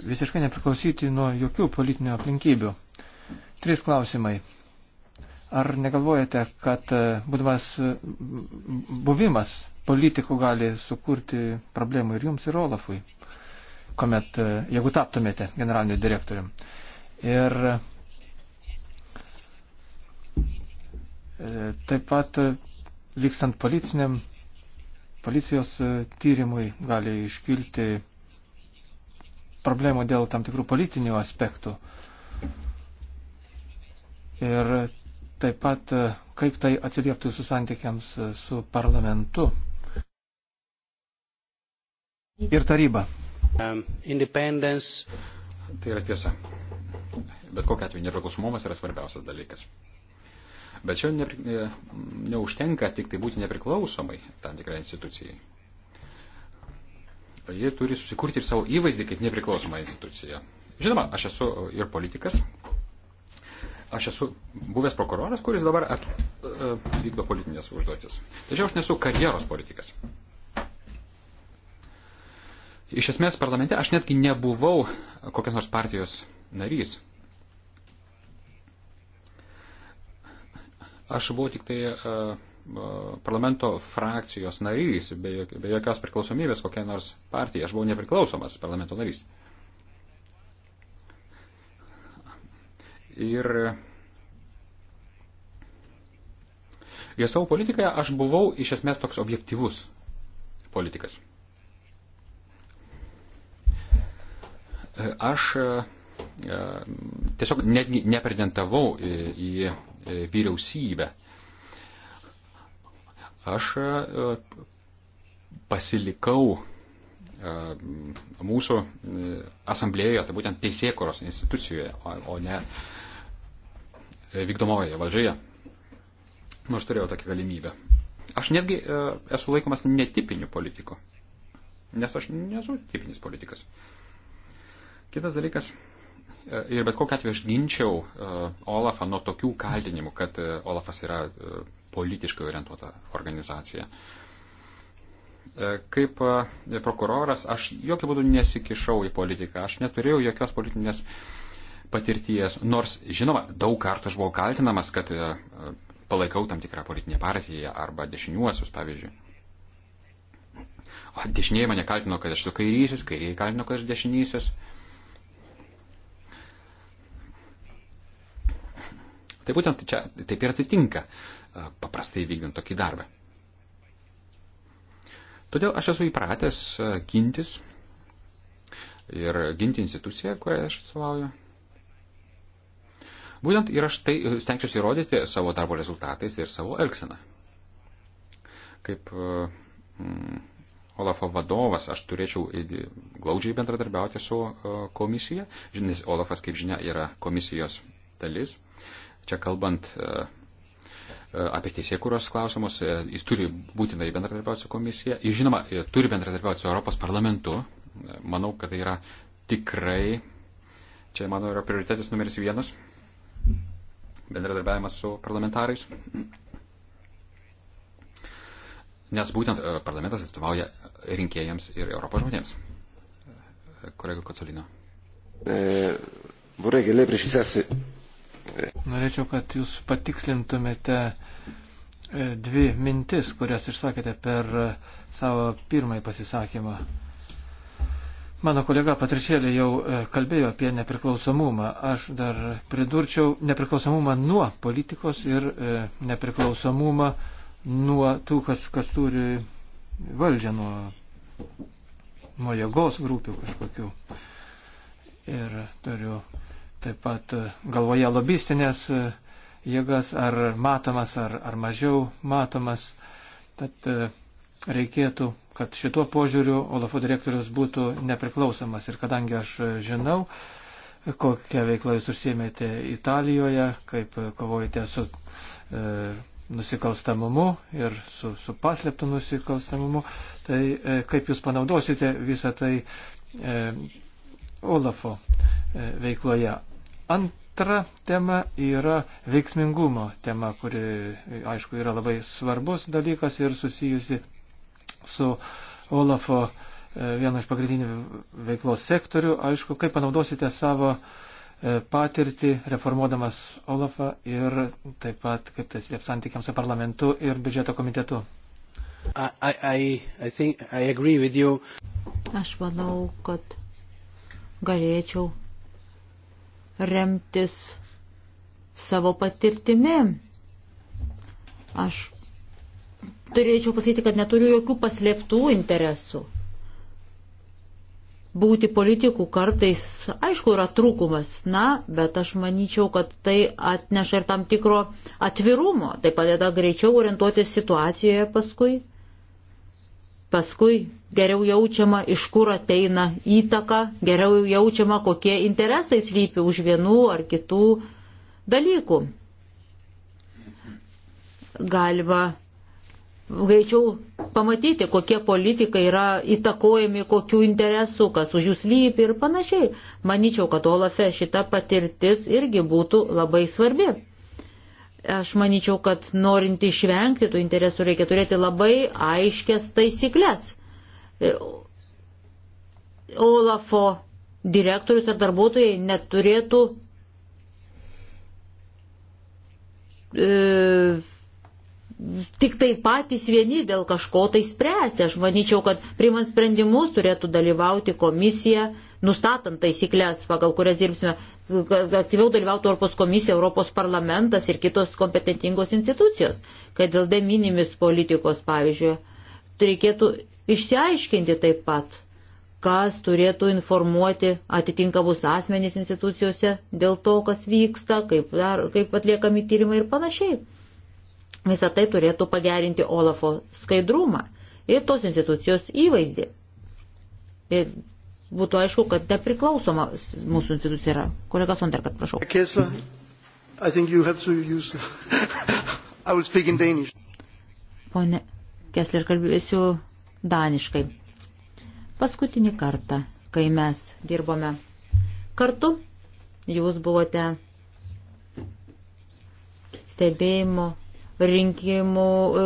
visiškai nepriklausyti nuo jokių politinių aplinkybių. Trys klausimai. Ar negalvojate, kad eh, būdamas, buvimas politikų gali sukurti problemų ir jums, ir Olafui? kuomet, e, jeigu taptumėte generaliniu direktorium. Ir e, taip pat e, vykstant policiniam, policijos tyrimui gali iškilti problemų dėl tam tikrų politinių aspektų. Ir taip pat kaip tai atsilieptų su santykiams su parlamentu ir taryba. Um, independence. Tai yra tiesa. Bet kokia atveju nepriklausomumas yra svarbiausias dalykas. Bet čia nepri, ne, neužtenka tik tai būti nepriklausomai tam tikrai institucijai. Jie turi susikurti ir savo įvaizdį kaip nepriklausoma institucija. Žinoma, aš esu ir politikas. Aš esu buvęs prokuroras, kuris dabar at, e, vykdo politinės užduotis. Tačiau aš nesu karjeros politikas. Iš esmės parlamente aš netgi nebuvau kokios nors partijos narys. Aš buvau tik tai uh, parlamento frakcijos narys, be, jok, be jokios priklausomybės kokiai nors partijai. Aš buvau nepriklausomas parlamento narys. Ir, ir savo politikoje aš buvau iš esmės toks objektivus politikas. Aš e, e, tiesiog netgi nepretentavau į, į vyriausybę. Aš e, pasilikau mūsų asamblėjoje, tai būtent teisėkoros institucijoje, o ne vykdomojoje valdžioje. Nors turėjau tokią galimybę. Aš netgi esu laikomas netipiniu politiku. Nes aš nesu tipinis politikas. Uh, Kitas dalykas, e, ir bet kokiu atveju aš ginčiau e, Olafą nuo tokių kaltinimų, kad e, Olafas yra politiškai orientuota organizacija. Kaip prokuroras, aš jokių būdų nesikišau į politiką, aš neturėjau jokios politinės patirties, nors, žinoma, daug kartų aš buvau kaltinamas, kad palaikau tam tikrą politinę partiją arba dešiniuosius, pavyzdžiui. O dešinieji mane kaltino, kad aš esu kairysis, kairieji kaltino, kad aš dešinysis. Uh, Tai būtent čia taip ir atsitinka e, paprastai vykdant tokį darbą. Todėl aš esu įpratęs e, gintis ir ginti instituciją, kurią aš atstovauju. Būtent ir aš tai e, stengsiuosi įrodyti savo darbo rezultatais ir savo elgseną. Kaip mm, Olafo vadovas, aš turėčiau glaudžiai bendradarbiauti su komisija, nes Olafas, kaip žinia, yra komisijos dalis. Uh, čia kalbant e, e, apie teisėkūros klausimus, e, jis turi būtinai bendradarbiauti su komisija. Ir žinoma, turi bendradarbiauti su Europos parlamentu. Manau, kad tai yra tikrai, čia mano yra prioritetas numeris vienas, bendradarbiavimas su parlamentarais. Nes būtent parlamentas atstovauja rinkėjams ir Europos žmonėms. Kolega Kocolino. E, vorrei che lei precisasse Norėčiau, kad jūs patikslintumėte e, dvi mintis, kurias išsakėte per e, savo pirmąjį pasisakymą. Mano kolega Patričėlė jau e, kalbėjo apie nepriklausomumą. Aš dar pridurčiau nepriklausomumą nuo politikos ir nepriklausomumą nuo tų, kas, kas turi valdžią, nuo, nuo jėgos grupių kažkokių. Ir turiu taip pat e, galvoje lobistinės e, jėgas, ar matomas, ar, ar mažiau matomas. Tad e, reikėtų, kad šituo požiūriu Olafo direktorius būtų nepriklausomas. Ir kadangi aš žinau, kokią veiklą jūs užsiemėte Italijoje, kaip kovojate su e, nusikalstamumu ir su, su paslėptu nusikalstamumu, tai e, kaip jūs panaudosite visą tai e, Olafo e, veikloje. Antra tema yra veiksmingumo tema, kuri, aišku, yra labai svarbus dalykas ir susijusi su Olafo e, vienu iš pagrindinių veiklos sektorių. Aišku, kaip panaudosite savo e, patirtį reformuodamas Olafą ir taip pat kaip tai slėps santykiams su parlamentu ir biudžeto komitetu. I, I, I Aš manau, kad galėčiau remtis savo patirtimi. Aš turėčiau pasakyti, kad neturiu jokių paslėptų interesų. Būti politikų kartais, aišku, yra trūkumas, na, bet aš manyčiau, kad tai atneša ir tam tikro atvirumo, tai padeda greičiau orientuotis situacijoje paskui paskui geriau jaučiama, iš kur ateina įtaka, geriau jaučiama, kokie interesai slypi už vienų ar kitų dalykų. Galima greičiau pamatyti, kokie politikai yra įtakojami, kokių interesų, kas už jų slypi ir panašiai. Maničiau, kad Olafe šita patirtis irgi būtų labai svarbi. Aš manyčiau, kad norint išvengti tų interesų reikia turėti labai aiškias taisyklės. E, Olafo direktorius ar darbuotojai neturėtų e, tik tai patys vieni dėl kažko tai spręsti. Aš manyčiau, kad priimant sprendimus turėtų dalyvauti komisija, nustatant taisyklės, pagal kurias dirbsime, kad aktyviau dalyvautų Europos komisija, Europos parlamentas ir kitos kompetentingos institucijos, kad dėl deminimis politikos, pavyzdžiui, reikėtų išsiaiškinti taip pat, kas turėtų informuoti atitinkamus asmenys institucijose dėl to, kas vyksta, kaip, dar, kaip atliekami tyrimai ir panašiai. Visą tai turėtų pagerinti Olafo skaidrumą ir tos institucijos įvaizdį. Ir būtų aišku, kad nepriklausoma mūsų institucija yra. Kolega Sonderkat, prašau. Kessler, use... Pone Kessler, kalbėsiu daniškai. Paskutinį kartą, kai mes dirbome kartu, jūs buvote stebėjimo rinkimų e,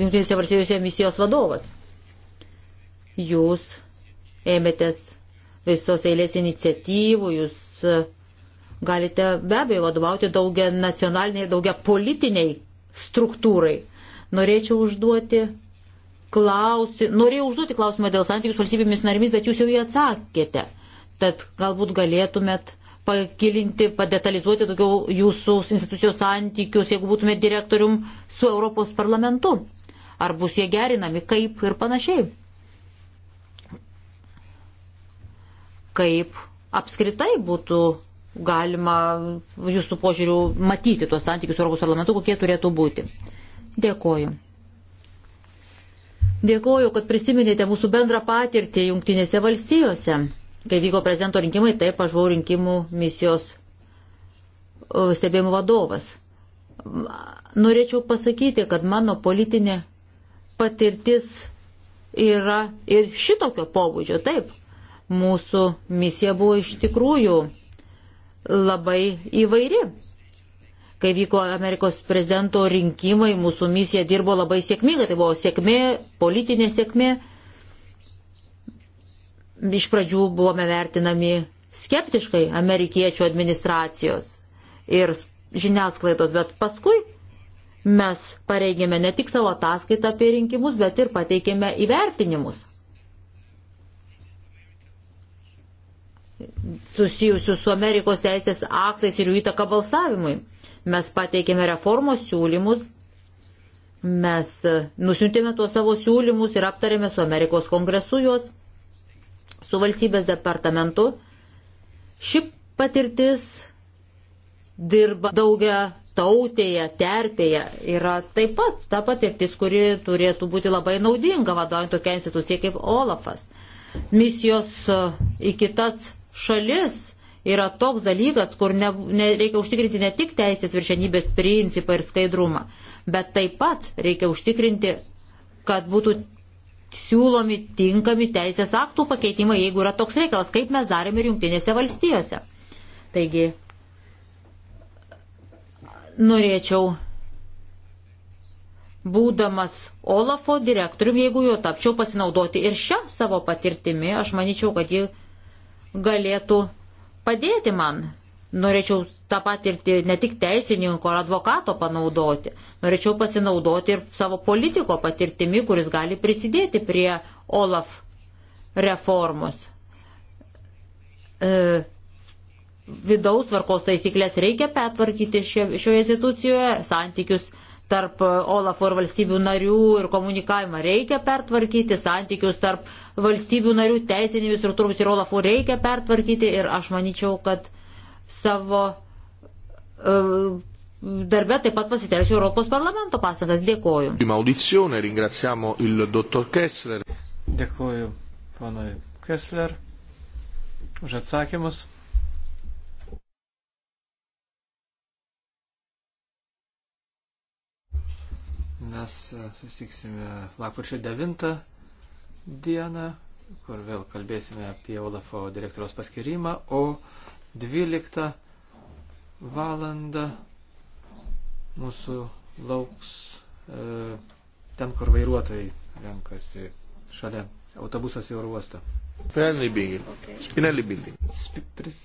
Junktinėse valstybėse misijos vadovas. Jūs ėmėtės visos eilės iniciatyvų, jūs e, galite be abejo vadovauti daugia nacionaliniai ir daugia politiniai struktūrai. Norėčiau užduoti klausimą, norėjau užduoti klausimą dėl santykių su valstybėmis narimis, bet jūs jau jį atsakėte. Tad galbūt galėtumėt pagilinti, padetalizuoti daugiau jūsų institucijos santykius, jeigu būtumėt direktorium su Europos parlamentu. Ar bus jie gerinami, kaip ir panašiai. kaip apskritai būtų galima jūsų požiūrių matyti tuos santykius su Europos parlamentu, kokie turėtų būti. Dėkoju. Dėkoju, kad prisiminėte mūsų bendrą patirtį Junktinėse valstijose. Kai vyko prezidento rinkimai, taip aš buvau rinkimų misijos stebėjimų vadovas. Norėčiau pasakyti, kad mano politinė patirtis yra ir šitokio pobūdžio, taip. Mūsų misija buvo iš tikrųjų labai įvairi. Kai vyko Amerikos prezidento rinkimai, mūsų misija dirbo labai sėkmingai. Tai buvo sėkmė, politinė sėkmė. Iš pradžių buvome vertinami skeptiškai amerikiečių administracijos ir žiniasklaidos, bet paskui mes pareigėme ne tik savo ataskaitą apie rinkimus, bet ir pateikėme įvertinimus. susijusių su Amerikos teisės aktais ir jų įtaka balsavimui. Mes pateikėme reformos siūlymus, mes nusintėme tuos savo siūlymus ir aptarėme su Amerikos kongresu juos, su valstybės departamentu. Ši patirtis dirba daugia tautėje, terpėje yra taip pat ta patirtis, kuri turėtų būti labai naudinga vadovaujant tokia institucija kaip Olafas. Misijos į kitas šalis yra toks dalykas, kur ne, ne, reikia užtikrinti ne tik teisės viršenybės principą ir skaidrumą, bet taip pat reikia užtikrinti, kad būtų siūlomi tinkami teisės aktų pakeitimai, jeigu yra toks reikalas, kaip mes darėme ir jungtinėse valstijose. Taigi, norėčiau, būdamas Olafo direktorium, jeigu jo tapčiau pasinaudoti ir šią savo patirtimį, aš manyčiau, kad ji jį galėtų padėti man. Norėčiau tą patirtį ne tik teisininko ar advokato panaudoti, norėčiau pasinaudoti ir savo politiko patirtimi, kuris gali prisidėti prie OLAF reformos. E, vidaus tvarkos taisyklės reikia pertvarkyti šio, šioje institucijoje, santykius tarp OLAFO ir valstybių narių ir komunikavimą reikia pertvarkyti, santykius tarp valstybių narių teisinėmis struktūromis ir Olafų reikia pertvarkyti ir aš manyčiau, kad savo e, darbę taip pat pasitelsiu Europos parlamento pasakas. Dėkoju. Dėkoju panui Kessler už atsakymus. Mes e, susitiksime lapkričio 9 dieną, kur vėl kalbėsime apie Olafo direktoriaus paskirimą, o 12 valandą mūsų lauks e, ten, kur vairuotojai renkasi šalia autobusas į oro uostą. Spinelli building. Okay. Spinelli building. Sp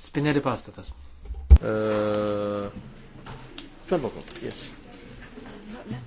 Spinelli pastatas. Uh, 12 o'clock, yes.